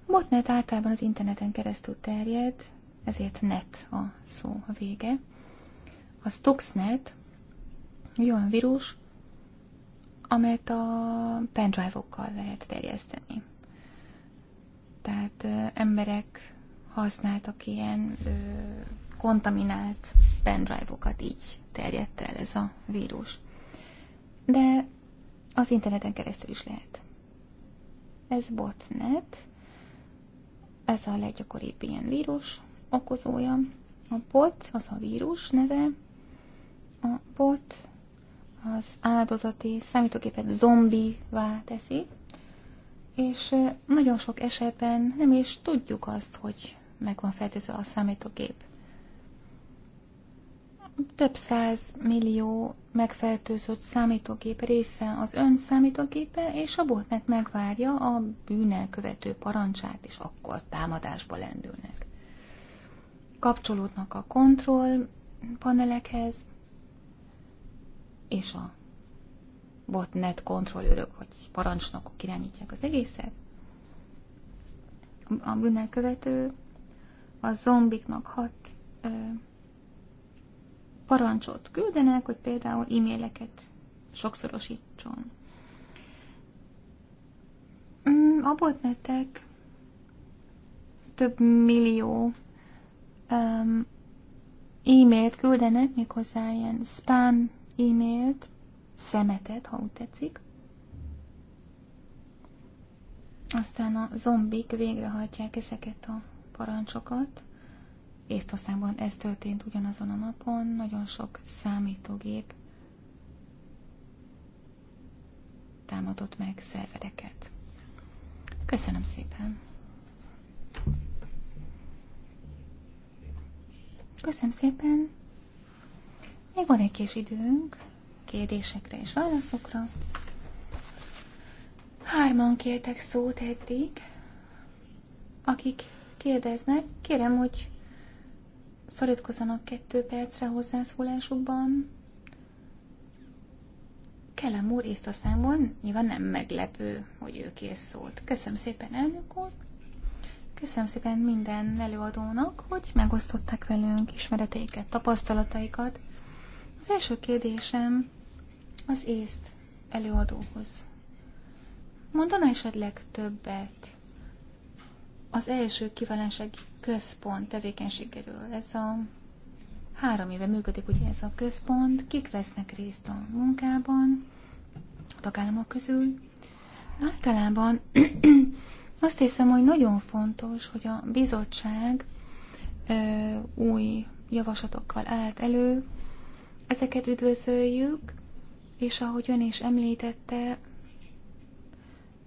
A botnet általában az interneten keresztül terjed, ezért net a szó a vége. A Stuxnet egy olyan vírus, amelyet a pendrive-okkal lehet terjeszteni. Tehát ö, emberek használtak ilyen ö, kontaminált pendrive-okat, így terjedt el ez a vírus. De az interneten keresztül is lehet. Ez botnet, ez a leggyakoribb ilyen vírus okozója. A bot, az a vírus neve, a bot az áldozati számítógépet zombivá teszi, és nagyon sok esetben nem is tudjuk azt, hogy meg van fertőzve a számítógép több száz millió megfertőzött számítógép része az ön számítógépe, és a botnet megvárja a követő parancsát, és akkor támadásba lendülnek. Kapcsolódnak a kontroll panelekhez, és a botnet kontrollőrök, hogy parancsnokok irányítják az egészet. A követő a zombiknak hat ö, parancsot küldenek, hogy például e-maileket sokszorosítson. Mm, a botnetek több millió um, e-mailt küldenek, méghozzá ilyen spam e-mailt, szemetet, ha úgy tetszik. Aztán a zombik végrehajtják ezeket a parancsokat. Észtországban ez történt ugyanazon a napon, nagyon sok számítógép támadott meg szervereket. Köszönöm szépen! Köszönöm szépen! Még van egy kis időnk kérdésekre és válaszokra. Hárman kértek szót eddig. Akik kérdeznek, kérem, hogy szorítkozzanak kettő percre hozzászólásukban. Kellem úr Észtországból nyilván nem meglepő, hogy ő kész szólt. Köszönöm szépen, elnök úr! Köszönöm szépen minden előadónak, hogy megosztották velünk ismereteiket, tapasztalataikat. Az első kérdésem az észt előadóhoz. Mondaná esetleg többet az első kívánság központ tevékenységéről. Ez a három éve működik ugye ez a központ. Kik vesznek részt a munkában a tagállamok közül? Általában azt hiszem, hogy nagyon fontos, hogy a bizottság ö, új javaslatokkal állt elő, ezeket üdvözöljük, és ahogy ön is említette,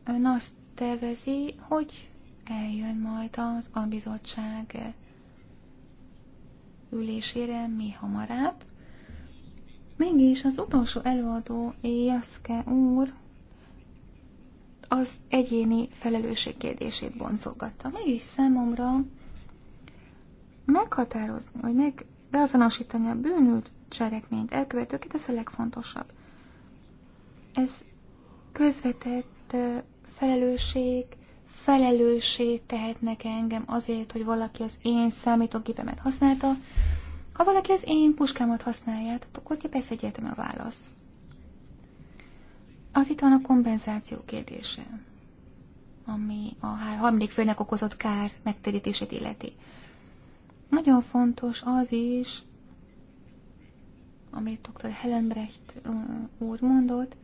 ön azt tervezi, hogy eljön majd az a bizottság ülésére mi hamarabb. Mégis az utolsó előadó, Jaszke úr, az egyéni felelősség kérdését bonzogatta. Mégis számomra meghatározni, vagy meg beazonosítani a bűnült cselekményt, elkövetőket, ez a legfontosabb. Ez közvetett felelősség, felelőssé tehetnek engem azért, hogy valaki az én számítógépemet használta. Ha valaki az én puskámat használja, hát akkor persze egyetem a válasz. Az itt van a kompenzáció kérdése, ami a harmadik főnek okozott kár megtérítését illeti. Nagyon fontos az is, amit dr. Helenbrecht úr mondott,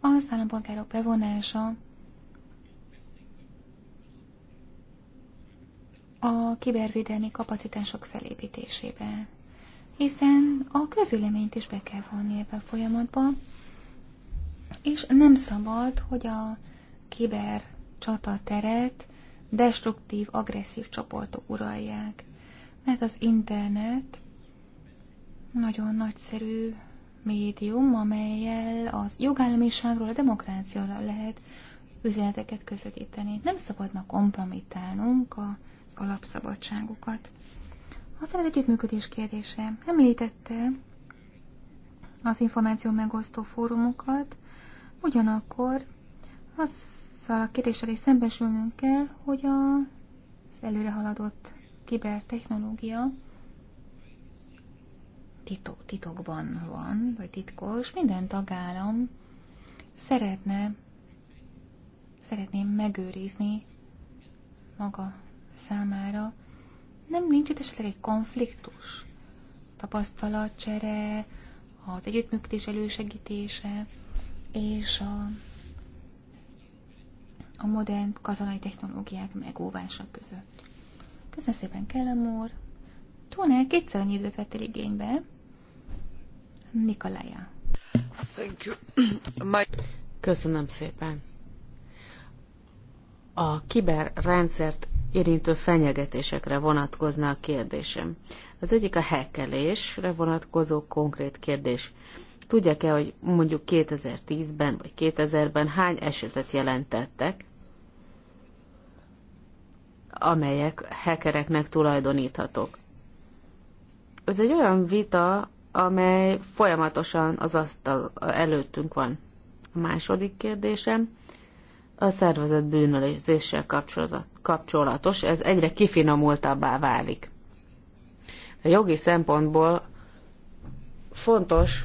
az állampolgárok bevonása a kibervédelmi kapacitások felépítésébe, hiszen a közüleményt is be kell vonni ebbe a folyamatba, és nem szabad, hogy a kiber csatateret destruktív, agresszív csoportok uralják, mert az internet nagyon nagyszerű médium, amelyel az jogállamiságról, a demokráciáról lehet üzeneteket közvetíteni. Nem szabadna kompromittálnunk a az alapszabadságokat. Az az együttműködés kérdése. Említette az információ megosztó fórumokat, ugyanakkor azzal a kérdéssel is szembesülnünk kell, hogy az előre haladott kibertechnológia titok, titokban van, vagy titkos, minden tagállam szeretne, szeretném megőrizni maga számára. Nem nincs itt esetleg egy konfliktus? Tapasztalatcsere, az együttműködés elősegítése és a, a modern katonai technológiák megóvása között. Köszönöm szépen, Kellem úr! Tóne, kétszer annyi időt vettél igénybe. Nikolaja. Thank you. My... Köszönöm szépen. A kiberrendszert érintő fenyegetésekre vonatkozna a kérdésem. Az egyik a hekelésre vonatkozó konkrét kérdés. Tudják-e, hogy mondjuk 2010-ben vagy 2000-ben hány esetet jelentettek, amelyek hekereknek tulajdoníthatók? Ez egy olyan vita, amely folyamatosan az asztal előttünk van. A második kérdésem, a szervezet bűnözéssel kapcsolatos, ez egyre kifinomultabbá válik. A jogi szempontból fontos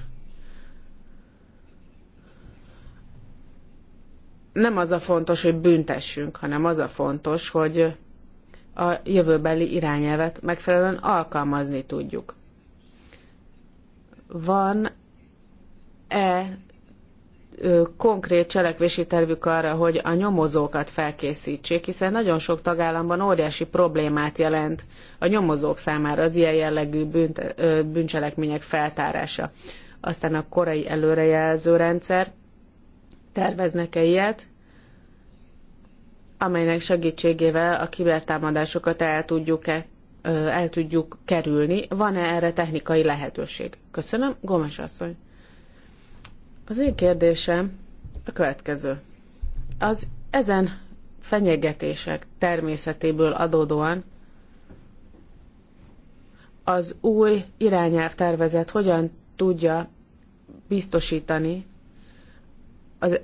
nem az a fontos, hogy büntessünk, hanem az a fontos, hogy a jövőbeli irányelvet megfelelően alkalmazni tudjuk. Van-e konkrét cselekvési tervük arra, hogy a nyomozókat felkészítsék, hiszen nagyon sok tagállamban óriási problémát jelent a nyomozók számára az ilyen jellegű bűncselekmények feltárása. Aztán a korai előrejelző rendszer. Terveznek-e ilyet? amelynek segítségével a kibertámadásokat el tudjuk, -e, el tudjuk kerülni. Van-e erre technikai lehetőség? Köszönöm, Gomes asszony. Az én kérdésem a következő. Az ezen fenyegetések természetéből adódóan az új irányelv tervezet hogyan tudja biztosítani az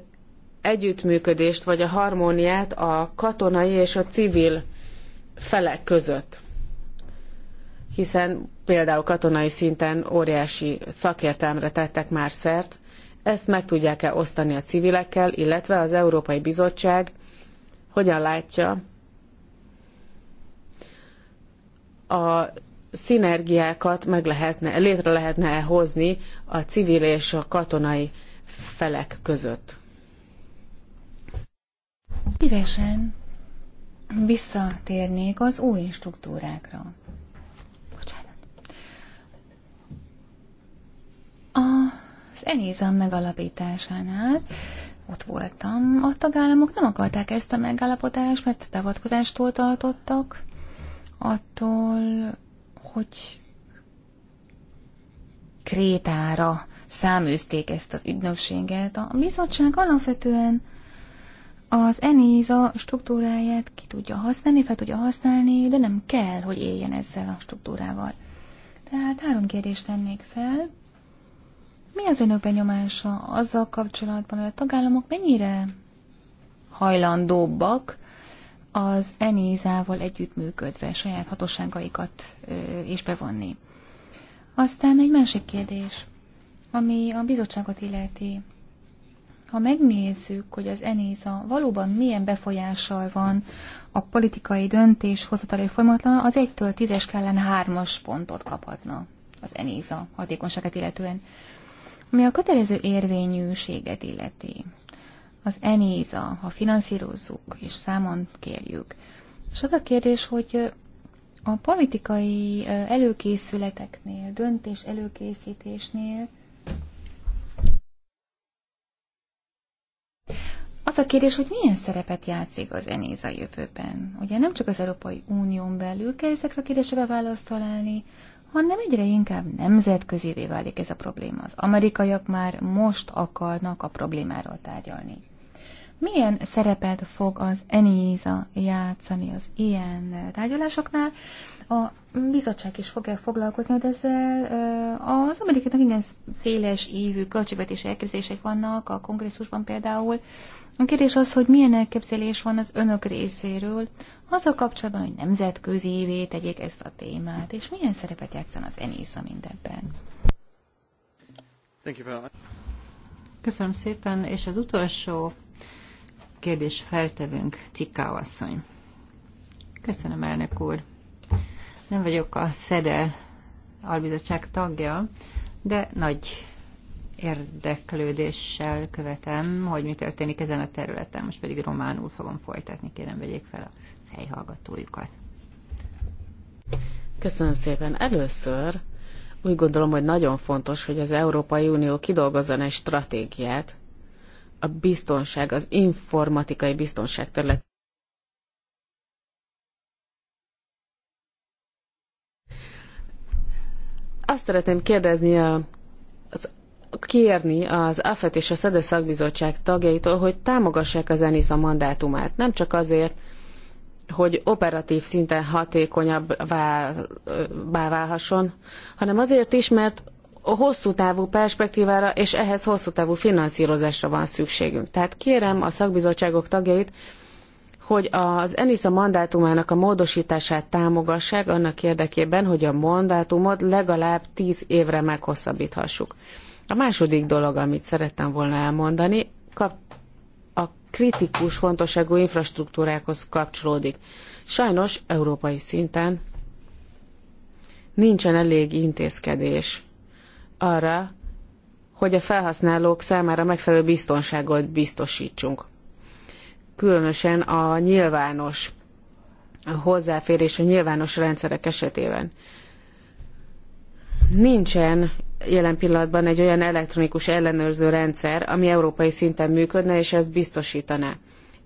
együttműködést vagy a harmóniát a katonai és a civil felek között. Hiszen például katonai szinten óriási szakértelmre tettek már szert, ezt meg tudják-e osztani a civilekkel, illetve az Európai Bizottság hogyan látja a szinergiákat meg lehetne, létre lehetne -e hozni a civil és a katonai felek között? Szívesen visszatérnék az új struktúrákra. Bocsánat. A az megalapításánál ott voltam, a tagállamok nem akarták ezt a megállapodást, mert beavatkozástól tartottak, attól, hogy Krétára száműzték ezt az ügynökséget. A bizottság alapvetően az Enéza struktúráját ki tudja használni, fel tudja használni, de nem kell, hogy éljen ezzel a struktúrával. Tehát három kérdést tennék fel. Mi az önök benyomása azzal kapcsolatban, hogy a tagállamok mennyire hajlandóbbak az Enézával együttműködve saját hatóságaikat is bevonni? Aztán egy másik kérdés, ami a bizottságot illeti. Ha megnézzük, hogy az Enéza valóban milyen befolyással van a politikai döntés hozatalai folyamatlan, az 1-től 10-es 3-as pontot kaphatna az Enéza hatékonyságát illetően. Ami a kötelező érvényűséget illeti, az ENISA, ha finanszírozzuk és számon kérjük, és az a kérdés, hogy a politikai előkészületeknél, döntés előkészítésnél az a kérdés, hogy milyen szerepet játszik az ENISA jövőben. Ugye nem csak az Európai Unión belül kell ezekre a kérdésekre választ találni, hanem egyre inkább nemzetközivé válik ez a probléma. Az amerikaiak már most akarnak a problémáról tárgyalni. Milyen szerepet fog az ENISA játszani az ilyen tárgyalásoknál? A bizottság is fog-e foglalkozni ezzel? Az amerikaiaknak igen széles ívű költségvetési elképzelések vannak a kongresszusban például. A kérdés az, hogy milyen elképzelés van az önök részéről azzal kapcsolatban, hogy nemzetközévé tegyék ezt a témát, és milyen szerepet játszan az Enisa mindebben. Köszönöm szépen, és az utolsó kérdés feltevünk, Cikká asszony. Köszönöm, elnök úr. Nem vagyok a SZEDE albizottság tagja, de nagy érdeklődéssel követem, hogy mi történik ezen a területen. Most pedig románul fogom folytatni, kérem vegyék fel a helyhallgatójukat. Köszönöm szépen. Először úgy gondolom, hogy nagyon fontos, hogy az Európai Unió kidolgozzon egy stratégiát a biztonság, az informatikai biztonság terület. Azt szeretném kérdezni a, kérni az AFET és a SZEDE szakbizottság tagjaitól, hogy támogassák az ENISZ a mandátumát. Nem csak azért, hogy operatív szinten hatékonyabbá válhasson, hanem azért is, mert a hosszú távú perspektívára és ehhez hosszú távú finanszírozásra van szükségünk. Tehát kérem a szakbizottságok tagjait, hogy az ENISZA mandátumának a módosítását támogassák annak érdekében, hogy a mandátumot legalább 10 évre meghosszabbíthassuk. A második dolog, amit szerettem volna elmondani, kap kritikus fontosságú infrastruktúrákhoz kapcsolódik. Sajnos európai szinten nincsen elég intézkedés arra, hogy a felhasználók számára megfelelő biztonságot biztosítsunk. Különösen a nyilvános a hozzáférés a nyilvános rendszerek esetében. Nincsen jelen pillanatban egy olyan elektronikus ellenőrző rendszer, ami európai szinten működne, és ezt biztosítaná.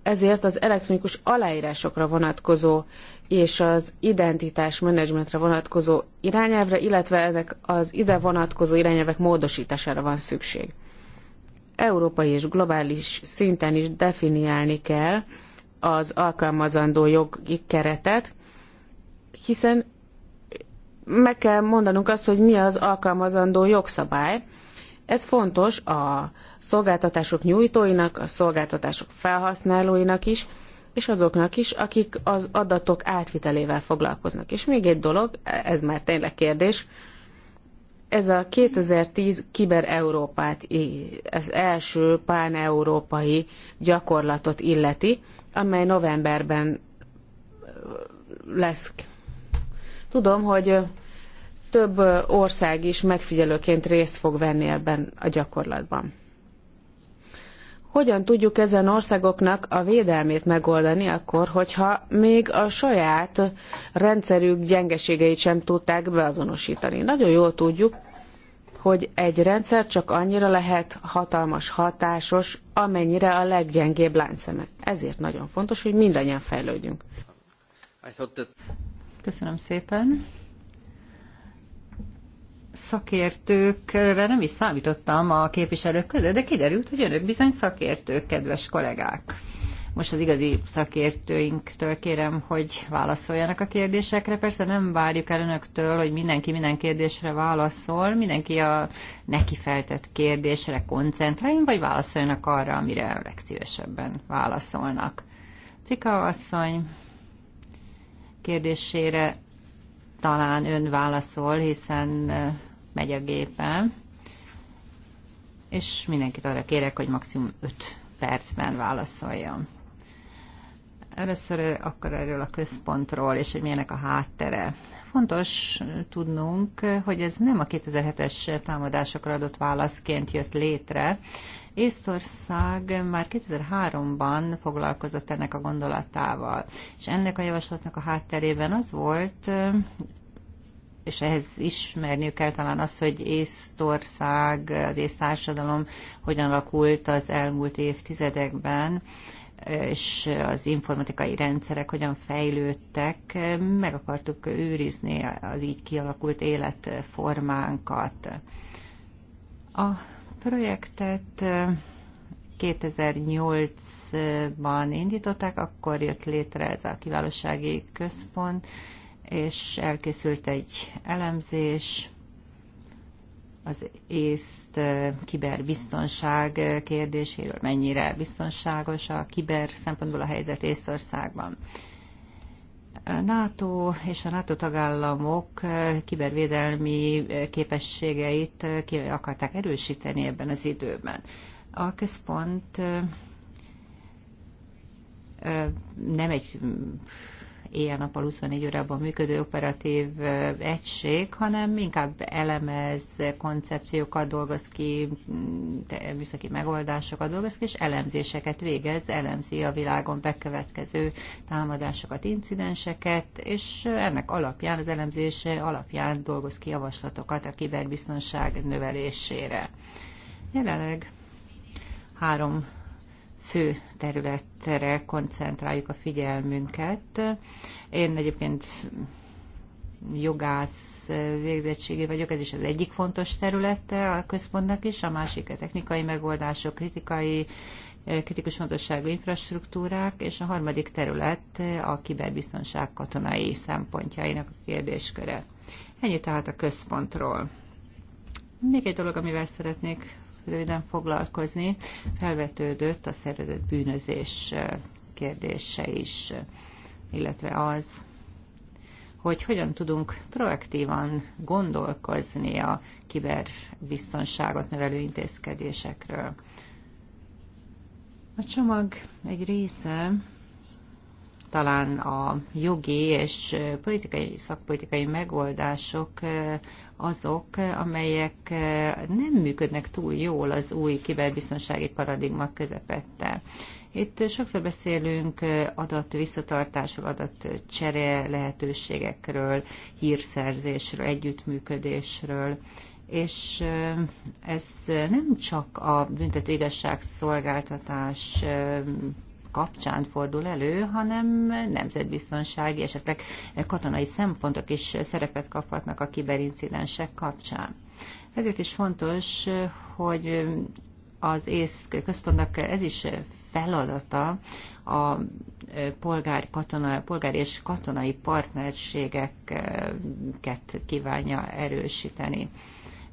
Ezért az elektronikus aláírásokra vonatkozó és az identitás menedzsmentre vonatkozó irányelvre, illetve ennek az ide vonatkozó irányelvek módosítására van szükség. Európai és globális szinten is definiálni kell az alkalmazandó jogi keretet, hiszen meg kell mondanunk azt, hogy mi az alkalmazandó jogszabály. Ez fontos a szolgáltatások nyújtóinak, a szolgáltatások felhasználóinak is, és azoknak is, akik az adatok átvitelével foglalkoznak. És még egy dolog, ez már tényleg kérdés, ez a 2010 Kiber Európát, az első páneurópai gyakorlatot illeti, amely novemberben lesz. Tudom, hogy több ország is megfigyelőként részt fog venni ebben a gyakorlatban. Hogyan tudjuk ezen országoknak a védelmét megoldani akkor, hogyha még a saját rendszerük gyengeségeit sem tudták beazonosítani? Nagyon jól tudjuk, hogy egy rendszer csak annyira lehet hatalmas, hatásos, amennyire a leggyengébb láncszeme. Ezért nagyon fontos, hogy mindannyian fejlődjünk. Köszönöm szépen szakértőkre nem is számítottam a képviselők között, de kiderült, hogy önök bizony szakértők, kedves kollégák. Most az igazi szakértőinktől kérem, hogy válaszoljanak a kérdésekre. Persze nem várjuk el önöktől, hogy mindenki minden kérdésre válaszol, mindenki a neki feltett kérdésre koncentráljon, vagy válaszoljanak arra, amire legszívesebben válaszolnak. Cika asszony kérdésére talán ön válaszol, hiszen megy a gépen, és mindenkit arra kérek, hogy maximum 5 percben válaszoljon. Először akkor erről a központról, és hogy milyenek a háttere. Fontos tudnunk, hogy ez nem a 2007-es támadásokra adott válaszként jött létre. Észország már 2003-ban foglalkozott ennek a gondolatával, és ennek a javaslatnak a hátterében az volt, és ehhez ismerniük kell talán azt, hogy Észtország, az észtársadalom hogyan alakult az elmúlt évtizedekben, és az informatikai rendszerek hogyan fejlődtek, meg akartuk őrizni az így kialakult életformánkat. A projektet 2008-ban indították, akkor jött létre ez a kiválósági központ, és elkészült egy elemzés az észt kiberbiztonság kérdéséről, mennyire biztonságos a kiber szempontból a helyzet Észországban. A NATO és a NATO tagállamok kibervédelmi képességeit ki akarták erősíteni ebben az időben. A központ nem egy éjjel-nappal 24 órában működő operatív egység, hanem inkább elemez, koncepciókat dolgoz ki, műszaki megoldásokat dolgoz ki, és elemzéseket végez, elemzi a világon bekövetkező támadásokat, incidenseket, és ennek alapján, az elemzése alapján dolgoz ki javaslatokat a kiberbiztonság növelésére. Jelenleg három fő területre koncentráljuk a figyelmünket. Én egyébként jogász végzettségé vagyok, ez is az egyik fontos területe a központnak is, a másik a technikai megoldások, kritikai, kritikus fontosságú infrastruktúrák, és a harmadik terület a kiberbiztonság katonai szempontjainak a kérdésköre. Ennyi tehát a központról. Még egy dolog, amivel szeretnék röviden foglalkozni. Felvetődött a szervezet bűnözés kérdése is, illetve az, hogy hogyan tudunk proaktívan gondolkozni a kiberbiztonságot növelő intézkedésekről. A csomag egy része talán a jogi és politikai, szakpolitikai megoldások azok, amelyek eh, nem működnek túl jól az új kiberbiztonsági paradigma közepette. Itt sokszor beszélünk eh, adat visszatartásról, adat csere lehetőségekről, hírszerzésről, együttműködésről, és eh, ez nem csak a büntető igazságszolgáltatás kapcsán fordul elő, hanem nemzetbiztonsági, esetleg katonai szempontok is szerepet kaphatnak a kiberincidensek kapcsán. Ezért is fontos, hogy az ész központnak ez is feladata a polgár, katona, polgár és katonai partnerségeket kívánja erősíteni.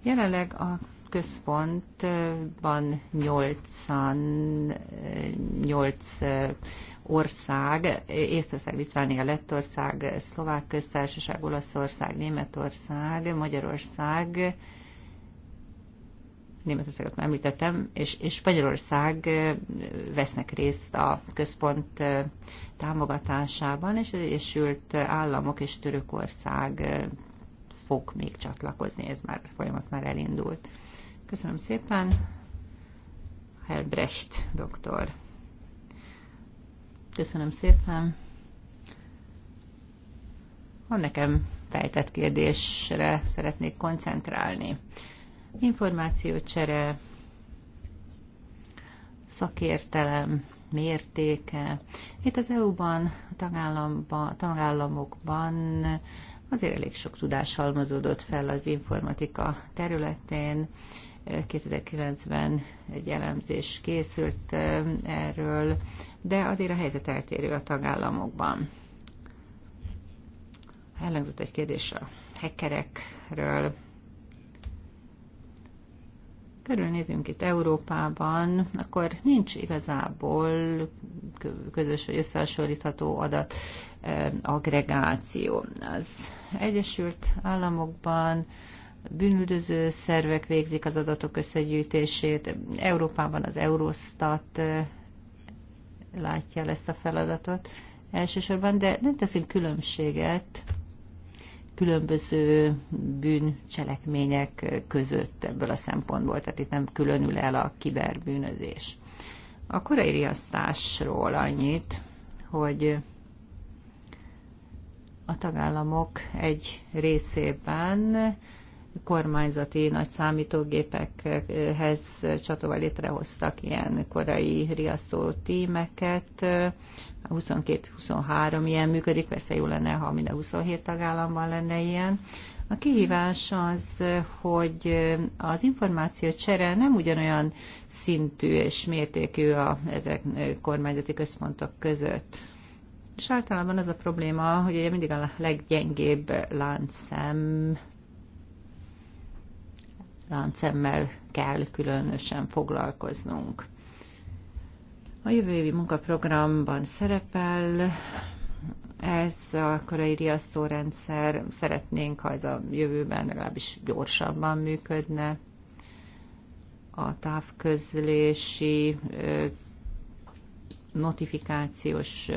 Jelenleg a központban nyolcan, an ország, Észtország, Litvánia, Lettország, Szlovák köztársaság, Olaszország, Németország, Magyarország, Németországot már említettem, és, és Spanyolország vesznek részt a központ támogatásában, és az Egyesült Államok és Törökország fog még csatlakozni, ez már folyamat már elindult. Köszönöm szépen. Helbrecht doktor. Köszönöm szépen. A nekem feltett kérdésre szeretnék koncentrálni. Információcsere, szakértelem, mértéke. Itt az EU-ban, a tagállamokban azért elég sok tudás halmozódott fel az informatika területén, 2009-ben egy elemzés készült um, erről, de azért a helyzet eltérő a tagállamokban. Elhangzott egy kérdés a hackerekről. Körülnézünk itt Európában, akkor nincs igazából közös vagy összehasonlítható adat um, agregáció. Az Egyesült Államokban bűnüldöző szervek végzik az adatok összegyűjtését. Európában az Eurostat látja ezt a feladatot elsősorban, de nem teszünk különbséget különböző bűncselekmények között ebből a szempontból, tehát itt nem különül el a kiberbűnözés. A korai riasztásról annyit, hogy a tagállamok egy részében kormányzati nagy számítógépekhez csatolva létrehoztak ilyen korai riasztó tímeket. 22-23 ilyen működik, persze jó lenne, ha minden 27 tagállamban lenne ilyen. A kihívás az, hogy az információ csere nem ugyanolyan szintű és mértékű a ezek kormányzati központok között. És általában az a probléma, hogy ugye mindig a leggyengébb láncszem láncemmel kell különösen foglalkoznunk. A jövő évi munkaprogramban szerepel ez a korai riasztórendszer. Szeretnénk, ha ez a jövőben legalábbis gyorsabban működne. A távközlési notifikációs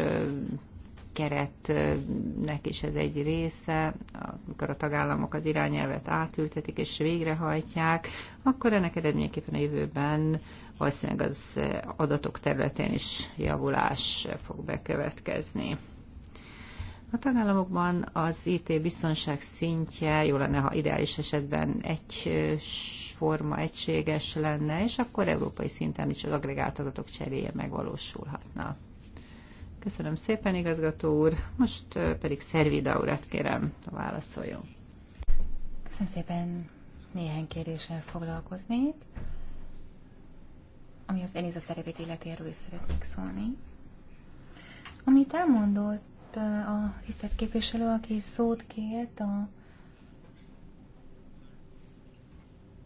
keretnek is ez egy része, amikor a tagállamok az irányelvet átültetik és végrehajtják, akkor ennek eredményeképpen a jövőben valószínűleg az adatok területén is javulás fog bekövetkezni. A tagállamokban az IT biztonság szintje jó lenne, ha ideális esetben egy forma egységes lenne, és akkor európai szinten is az agregált adatok cseréje megvalósulhatna. Köszönöm szépen, igazgató úr. Most pedig Szervida urat kérem, a válaszoljon. Köszönöm szépen. Néhány kérdéssel foglalkoznék, ami az Eliza szerepét életéről is szeretnék szólni. Amit elmondott a tisztelt képviselő, aki szót kért a,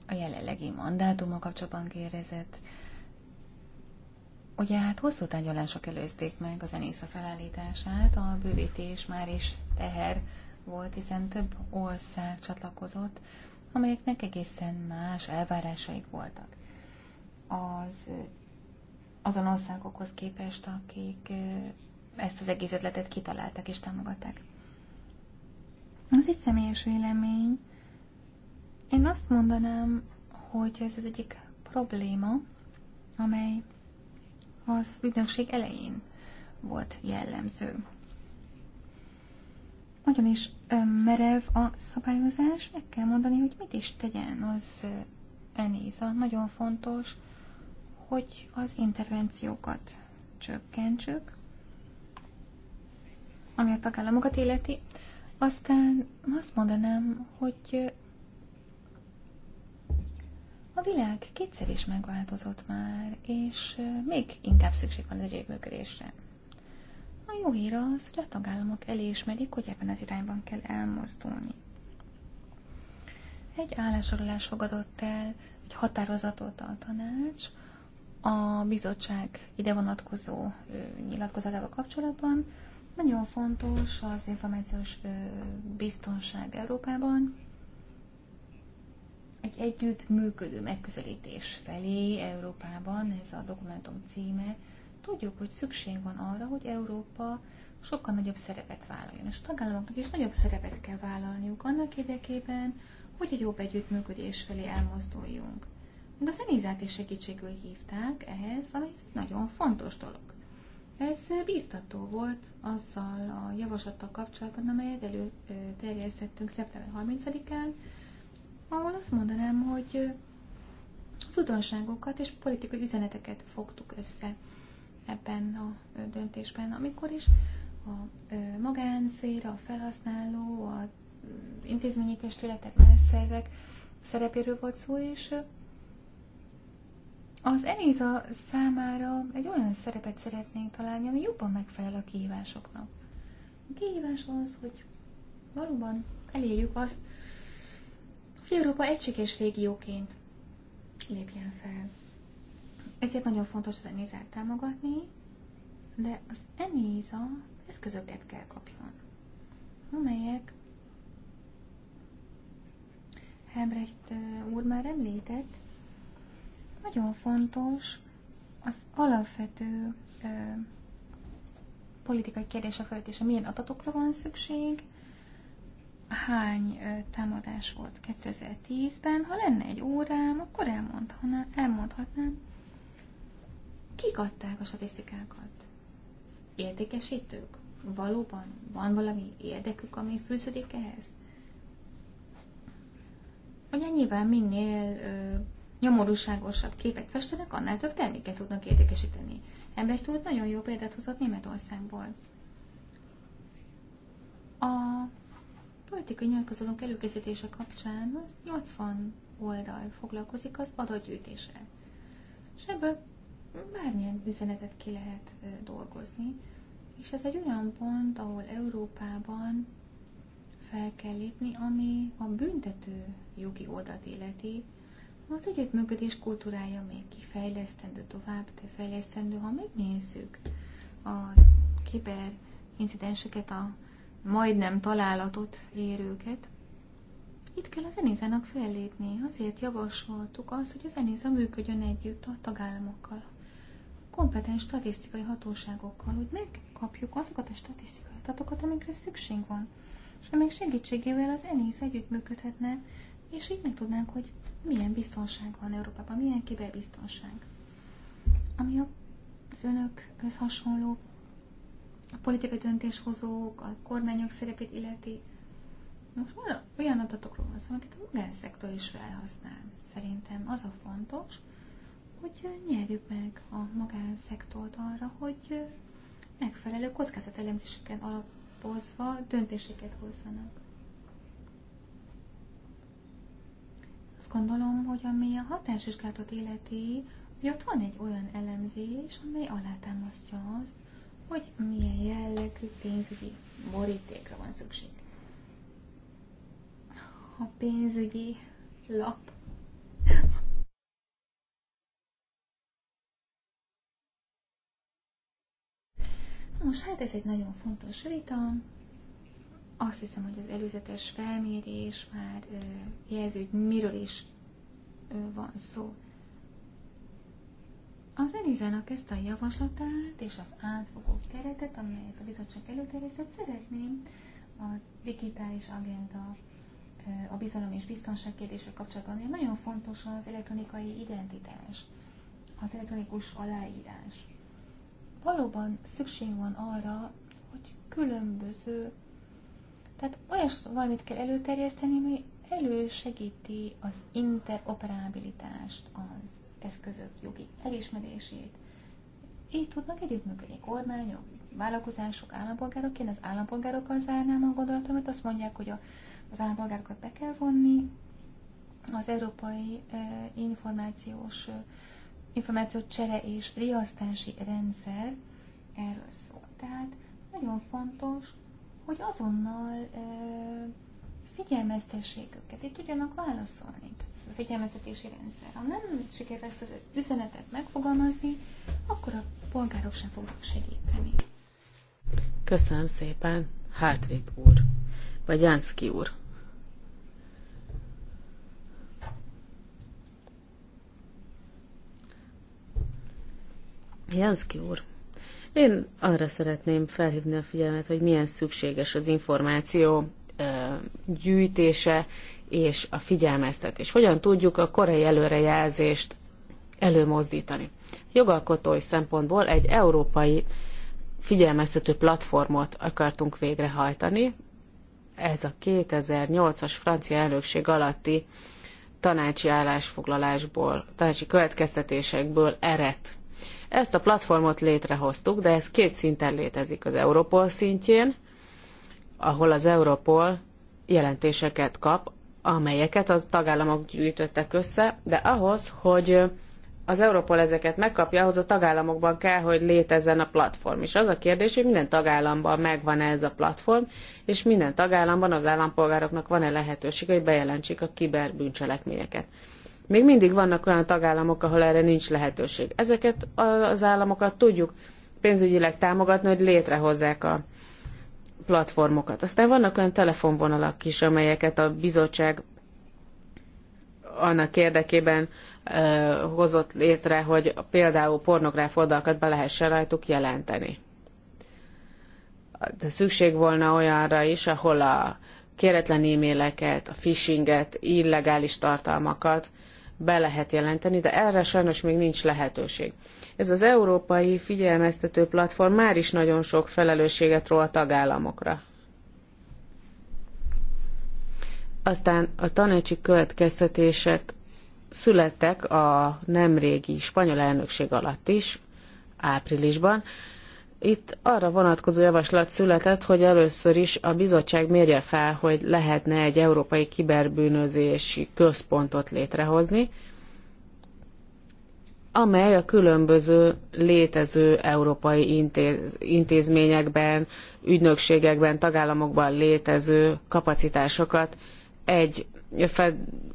a jelenlegi mandátuma kapcsolatban kérdezett, Ugye hát hosszú tárgyalások előzték meg az ENISZA felállítását, a bővítés már is teher volt, hiszen több ország csatlakozott, amelyeknek egészen más elvárásaik voltak. Az azon országokhoz képest, akik ezt az egész ötletet kitalálták és támogatták. Az egy személyes vélemény. Én azt mondanám, hogy ez az egyik probléma, amely az ügynökség elején volt jellemző. Nagyon is merev a szabályozás, meg kell mondani, hogy mit is tegyen az Enéza. Nagyon fontos, hogy az intervenciókat csökkentsük, ami a tagállamokat illeti. Aztán azt mondanám, hogy a világ kétszer is megváltozott már, és még inkább szükség van az együttműködésre. A jó hír az, hogy a tagállamok elismerik, hogy ebben az irányban kell elmozdulni. Egy állásorolás fogadott el, egy határozatot a tanács, a bizottság ide vonatkozó nyilatkozatával kapcsolatban. Nagyon fontos az információs biztonság Európában, egy együttműködő megközelítés felé Európában, ez a dokumentum címe, tudjuk, hogy szükség van arra, hogy Európa sokkal nagyobb szerepet vállaljon, és a tagállamoknak is nagyobb szerepet kell vállalniuk annak érdekében, hogy egy jobb együttműködés felé elmozduljunk. Még az Enizát is segítségül hívták ehhez, ami egy nagyon fontos dolog. Ez bíztató volt azzal a javaslattal kapcsolatban, amelyet előterjesztettünk szeptember 30-án, ahol azt mondanám, hogy az udonságokat és politikai üzeneteket fogtuk össze ebben a döntésben, amikor is a magánszféra, a felhasználó, a intézményi testületek, más szervek szerepéről volt szó, és az Eliza számára egy olyan szerepet szeretnénk találni, ami jobban megfelel a kihívásoknak. A kihívás az, hogy valóban elérjük azt, Európa egységes régióként lépjen fel. Ezért nagyon fontos az enézát támogatni, de az enéza eszközöket kell kapjon, amelyek Hebrecht eh, úr már említett, nagyon fontos az alapvető ö, eh, politikai kérdések felvetése, milyen adatokra van szükség, hány támadás volt 2010-ben. Ha lenne egy órám, akkor elmondhatnám, elmondhatnám kik adták a statisztikákat. Az értékesítők? Valóban van valami érdekük, ami fűződik ehhez? Ugye nyilván minél ö, nyomorúságosabb képet festenek, annál több terméket tudnak értékesíteni. Ember tud nagyon jó példát hozott Németországból. A költékony nyilatkozatok előkészítése kapcsán az 80 oldal foglalkozik az adatgyűjtése. És ebből bármilyen üzenetet ki lehet dolgozni. És ez egy olyan pont, ahol Európában fel kell lépni, ami a büntető jogi oldalt életi, az együttműködés kultúrája még kifejlesztendő tovább, de fejlesztendő, ha megnézzük a kiber incidenseket a majdnem találatot érőket. Itt kell a zenizának fellépni. Azért javasoltuk azt, hogy a zeniza működjön együtt a tagállamokkal, a kompetens statisztikai hatóságokkal, hogy megkapjuk azokat a statisztikai adatokat, amikre szükség van. És még segítségével az ENISZ együttműködhetne, és így megtudnánk, hogy milyen biztonság van Európában, milyen kiberbiztonság. Ami a az önök hasonló a politikai döntéshozók, a kormányok szerepét illeti. Most olyan adatokról van szó, amiket a magánszektor is felhasznál. Szerintem az a fontos, hogy nyerjük meg a magánszektort arra, hogy megfelelő kockázatelemzéseken alapozva döntéseket hozzanak. Azt gondolom, hogy ami a hatásvizsgálatot illeti, hogy ott van egy olyan elemzés, amely alátámasztja azt, hogy milyen jellegű pénzügyi borítékra van szükség. A pénzügyi lap Nos, hát ez egy nagyon fontos vita. Azt hiszem, hogy az előzetes felmérés már jelzi, hogy miről is van szó. Az Elizának ezt a javaslatát és az átfogó keretet, amelyet a bizottság előterjesztett, szeretném a digitális agenda a bizalom és biztonság kérdése kapcsolatban, nagyon fontos az elektronikai identitás, az elektronikus aláírás. Valóban szükség van arra, hogy különböző, tehát olyas valamit kell előterjeszteni, ami elősegíti az interoperabilitást, az eszközök jogi elismerését. Így tudnak együttműködni kormányok, vállalkozások, állampolgárok. Én az állampolgárokkal zárnám a gondolatomat, azt mondják, hogy a, az állampolgárokat be kell vonni, az európai eh, információs információ csere és riasztási rendszer erről szól. Tehát nagyon fontos, hogy azonnal e, figyelmeztessék őket, itt tudjanak válaszolni. Tehát a figyelmeztetési rendszer. Ha nem sikerül ezt az üzenetet megfogalmazni, akkor a polgárok sem fognak segíteni. Köszönöm szépen, Hartwig úr, vagy Jánszki úr. Jánszki úr, én arra szeretném felhívni a figyelmet, hogy milyen szükséges az információ gyűjtése és a figyelmeztetés. Hogyan tudjuk a korai előrejelzést előmozdítani? Jogalkotói szempontból egy európai figyelmeztető platformot akartunk végrehajtani. Ez a 2008-as francia elnökség alatti tanácsi állásfoglalásból, tanácsi következtetésekből eredt. Ezt a platformot létrehoztuk, de ez két szinten létezik az Europol szintjén, ahol az Europol jelentéseket kap amelyeket az tagállamok gyűjtöttek össze, de ahhoz, hogy az Europol ezeket megkapja, ahhoz a tagállamokban kell, hogy létezzen a platform. És az a kérdés, hogy minden tagállamban megvan-e ez a platform, és minden tagállamban az állampolgároknak van-e lehetőség, hogy bejelentsék a kiberbűncselekményeket. Még mindig vannak olyan tagállamok, ahol erre nincs lehetőség. Ezeket az államokat tudjuk pénzügyileg támogatni, hogy létrehozzák a platformokat. Aztán vannak olyan telefonvonalak is, amelyeket a bizottság annak érdekében uh, hozott létre, hogy például pornográf oldalakat be lehessen rajtuk jelenteni. De szükség volna olyanra is, ahol a kéretlen e-maileket, a phishinget, illegális tartalmakat be lehet jelenteni, de erre sajnos még nincs lehetőség. Ez az európai figyelmeztető platform már is nagyon sok felelősséget ró a tagállamokra. Aztán a tanácsi következtetések születtek a nemrégi spanyol elnökség alatt is, áprilisban. Itt arra vonatkozó javaslat született, hogy először is a bizottság mérje fel, hogy lehetne egy európai kiberbűnözési központot létrehozni, amely a különböző létező európai intéz, intézményekben, ügynökségekben, tagállamokban létező kapacitásokat egy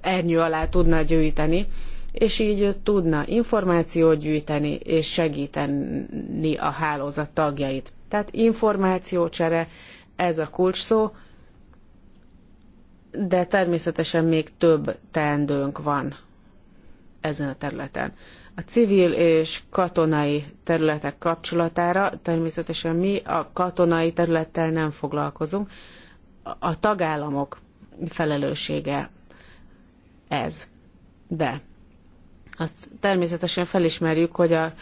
ernyő alá tudna gyűjteni, és így tudna információt gyűjteni és segíteni a hálózat tagjait. Tehát információcsere, ez a kulcs szó, de természetesen még több teendőnk van ezen a területen a civil és katonai területek kapcsolatára. Természetesen mi a katonai területtel nem foglalkozunk. A tagállamok felelőssége ez. De azt természetesen felismerjük, hogy a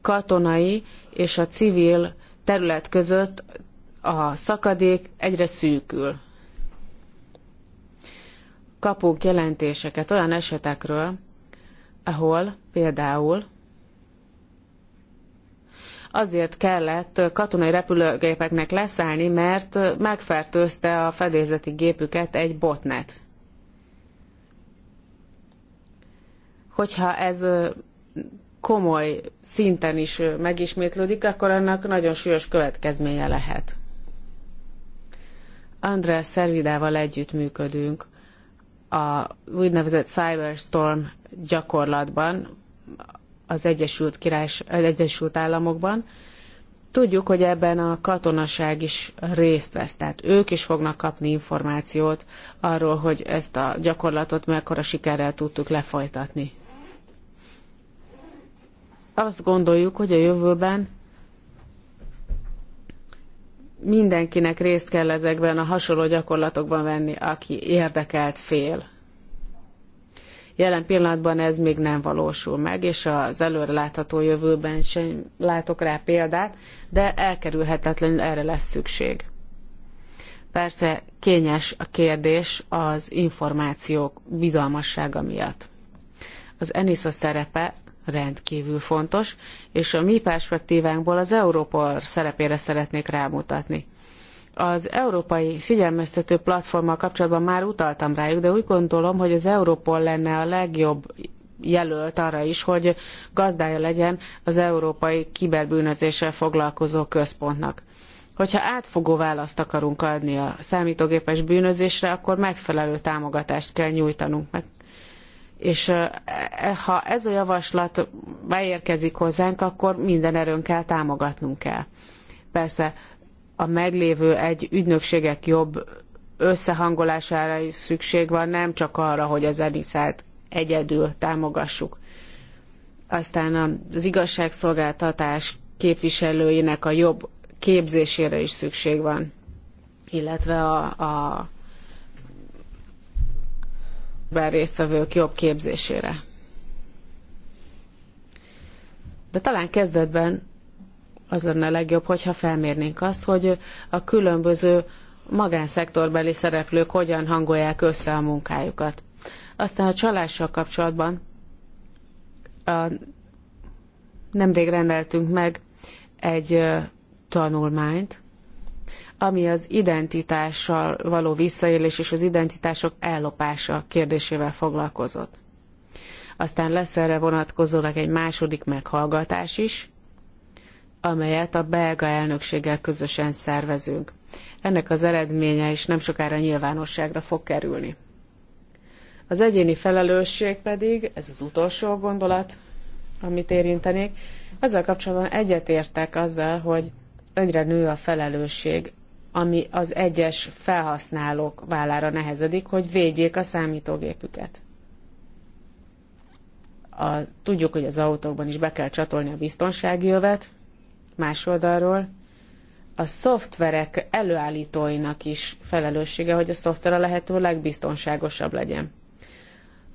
katonai és a civil terület között a szakadék egyre szűkül. Kapunk jelentéseket olyan esetekről, ahol például azért kellett katonai repülőgépeknek leszállni, mert megfertőzte a fedélzeti gépüket egy botnet. Hogyha ez komoly szinten is megismétlődik, akkor annak nagyon súlyos következménye lehet. András Szervidával együttműködünk az úgynevezett Cyberstorm gyakorlatban az Egyesült, Királys, az Egyesült Államokban. Tudjuk, hogy ebben a katonaság is részt vesz, tehát ők is fognak kapni információt arról, hogy ezt a gyakorlatot mekkora sikerrel tudtuk lefolytatni. Azt gondoljuk, hogy a jövőben mindenkinek részt kell ezekben a hasonló gyakorlatokban venni, aki érdekelt fél Jelen pillanatban ez még nem valósul meg, és az előre látható jövőben sem látok rá példát, de elkerülhetetlenül erre lesz szükség. Persze kényes a kérdés az információk bizalmassága miatt. Az ENISA szerepe rendkívül fontos, és a mi perspektívánkból az Európol szerepére szeretnék rámutatni. Az európai figyelmeztető platformmal kapcsolatban már utaltam rájuk, de úgy gondolom, hogy az Európol lenne a legjobb jelölt arra is, hogy gazdája legyen az európai kiberbűnözéssel foglalkozó központnak. Hogyha átfogó választ akarunk adni a számítógépes bűnözésre, akkor megfelelő támogatást kell nyújtanunk meg. És e, ha ez a javaslat beérkezik hozzánk, akkor minden erőnkkel támogatnunk kell. Persze a meglévő egy ügynökségek jobb összehangolására is szükség van, nem csak arra, hogy az Eniszát egyedül támogassuk. Aztán az igazságszolgáltatás képviselőinek a jobb képzésére is szükség van, illetve a, a résztvevők jobb képzésére. De talán kezdetben az lenne a legjobb, hogyha felmérnénk azt, hogy a különböző magánszektorbeli szereplők hogyan hangolják össze a munkájukat. Aztán a csalással kapcsolatban a, nemrég rendeltünk meg egy tanulmányt, ami az identitással való visszaélés és az identitások ellopása kérdésével foglalkozott. Aztán lesz erre vonatkozólag egy második meghallgatás is, amelyet a belga elnökséggel közösen szervezünk. Ennek az eredménye is nem sokára nyilvánosságra fog kerülni. Az egyéni felelősség pedig, ez az utolsó gondolat, amit érintenék, ezzel kapcsolatban egyetértek azzal, hogy egyre nő a felelősség, ami az egyes felhasználók vállára nehezedik, hogy védjék a számítógépüket. A, tudjuk, hogy az autókban is be kell csatolni a biztonsági övet, más oldalról a szoftverek előállítóinak is felelőssége, hogy a szoftver a lehető legbiztonságosabb legyen.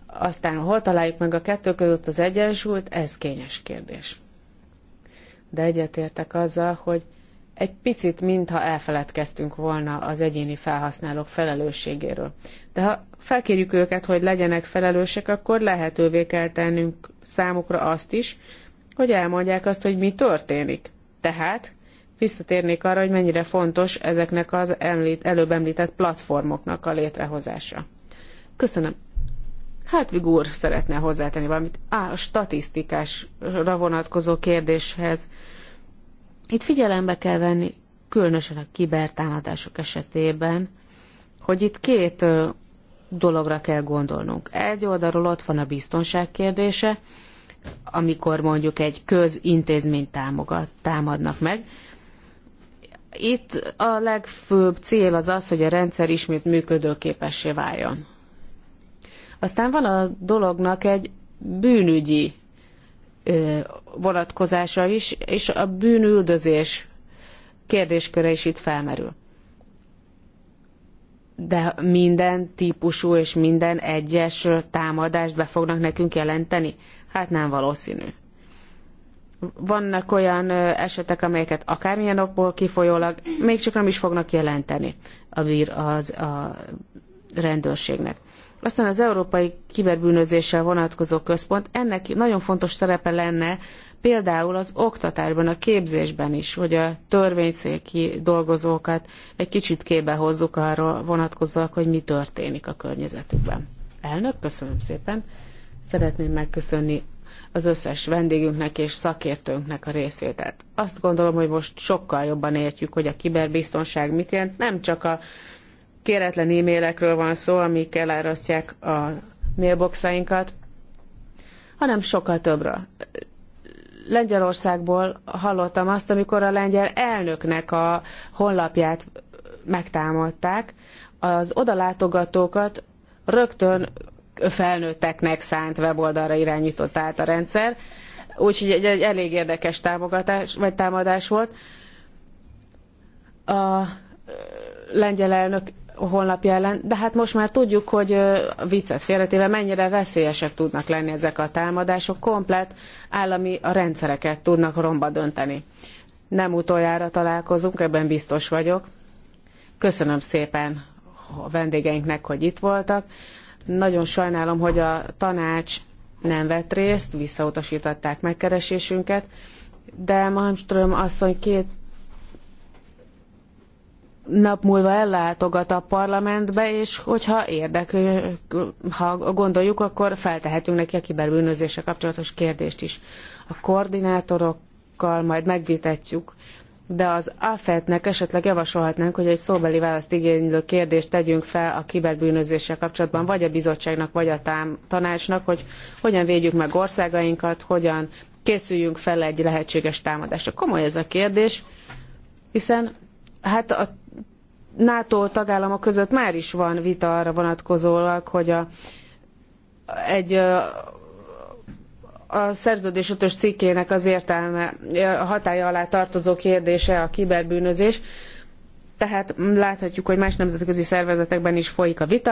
Aztán hol találjuk meg a kettő között az egyensúlyt, ez kényes kérdés. De egyetértek azzal, hogy egy picit, mintha elfeledkeztünk volna az egyéni felhasználók felelősségéről. De ha felkérjük őket, hogy legyenek felelősek, akkor lehetővé kell tennünk számukra azt is, hogy elmondják azt, hogy mi történik. Tehát visszatérnék arra, hogy mennyire fontos ezeknek az említ, előbb említett platformoknak a létrehozása. Köszönöm. Hátvig úr szeretne hozzátenni valamit. a statisztikásra vonatkozó kérdéshez. Itt figyelembe kell venni, különösen a kibertámadások esetében, hogy itt két dologra kell gondolnunk. Egy oldalról ott van a biztonság kérdése, amikor mondjuk egy közintézményt támogat, támadnak meg. Itt a legfőbb cél az az, hogy a rendszer ismét működőképessé váljon. Aztán van a dolognak egy bűnügyi vonatkozása is, és a bűnüldözés kérdésköre is itt felmerül. De minden típusú és minden egyes támadást be fognak nekünk jelenteni? Hát nem valószínű. Vannak olyan esetek, amelyeket akármilyen okból kifolyólag még csak nem is fognak jelenteni a bír az a rendőrségnek. Aztán az Európai Kiberbűnözéssel vonatkozó központ, ennek nagyon fontos szerepe lenne például az oktatásban, a képzésben is, hogy a törvényszéki dolgozókat egy kicsit képbe hozzuk arról vonatkozóak, hogy mi történik a környezetükben. Elnök, köszönöm szépen. Szeretném megköszönni az összes vendégünknek és szakértőnknek a részvételt. Azt gondolom, hogy most sokkal jobban értjük, hogy a kiberbiztonság mit jelent. Nem csak a kéretlen e-mailekről van szó, amik elárasztják a mailboxainkat, hanem sokkal többről. Lengyelországból hallottam azt, amikor a lengyel elnöknek a honlapját megtámadták, az odalátogatókat rögtön felnőtteknek szánt weboldalra irányított át a rendszer. Úgyhogy egy, egy elég érdekes támogatás, vagy támadás volt. A lengyel elnök honlapja ellen, de hát most már tudjuk, hogy viccet félretéve mennyire veszélyesek tudnak lenni ezek a támadások, komplet állami a rendszereket tudnak romba dönteni. Nem utoljára találkozunk, ebben biztos vagyok. Köszönöm szépen a vendégeinknek, hogy itt voltak. Nagyon sajnálom, hogy a tanács nem vett részt, visszautasították megkeresésünket, de Malmström asszony két nap múlva ellátogat a parlamentbe, és hogyha érdekel, ha gondoljuk, akkor feltehetünk neki a kiberbűnözése kapcsolatos kérdést is. A koordinátorokkal majd megvitatjuk de az AFET-nek esetleg javasolhatnánk, hogy egy szóbeli választ igénylő kérdést tegyünk fel a kiberbűnözéssel kapcsolatban, vagy a bizottságnak, vagy a tám tanácsnak, hogy hogyan védjük meg országainkat, hogyan készüljünk fel egy lehetséges támadásra. Komoly ez a kérdés, hiszen hát a NATO tagállamok között már is van vita arra vonatkozólag, hogy a, egy a szerződés ötös cikkének az értelme, a hatája alá tartozó kérdése a kiberbűnözés, tehát láthatjuk, hogy más nemzetközi szervezetekben is folyik a vita.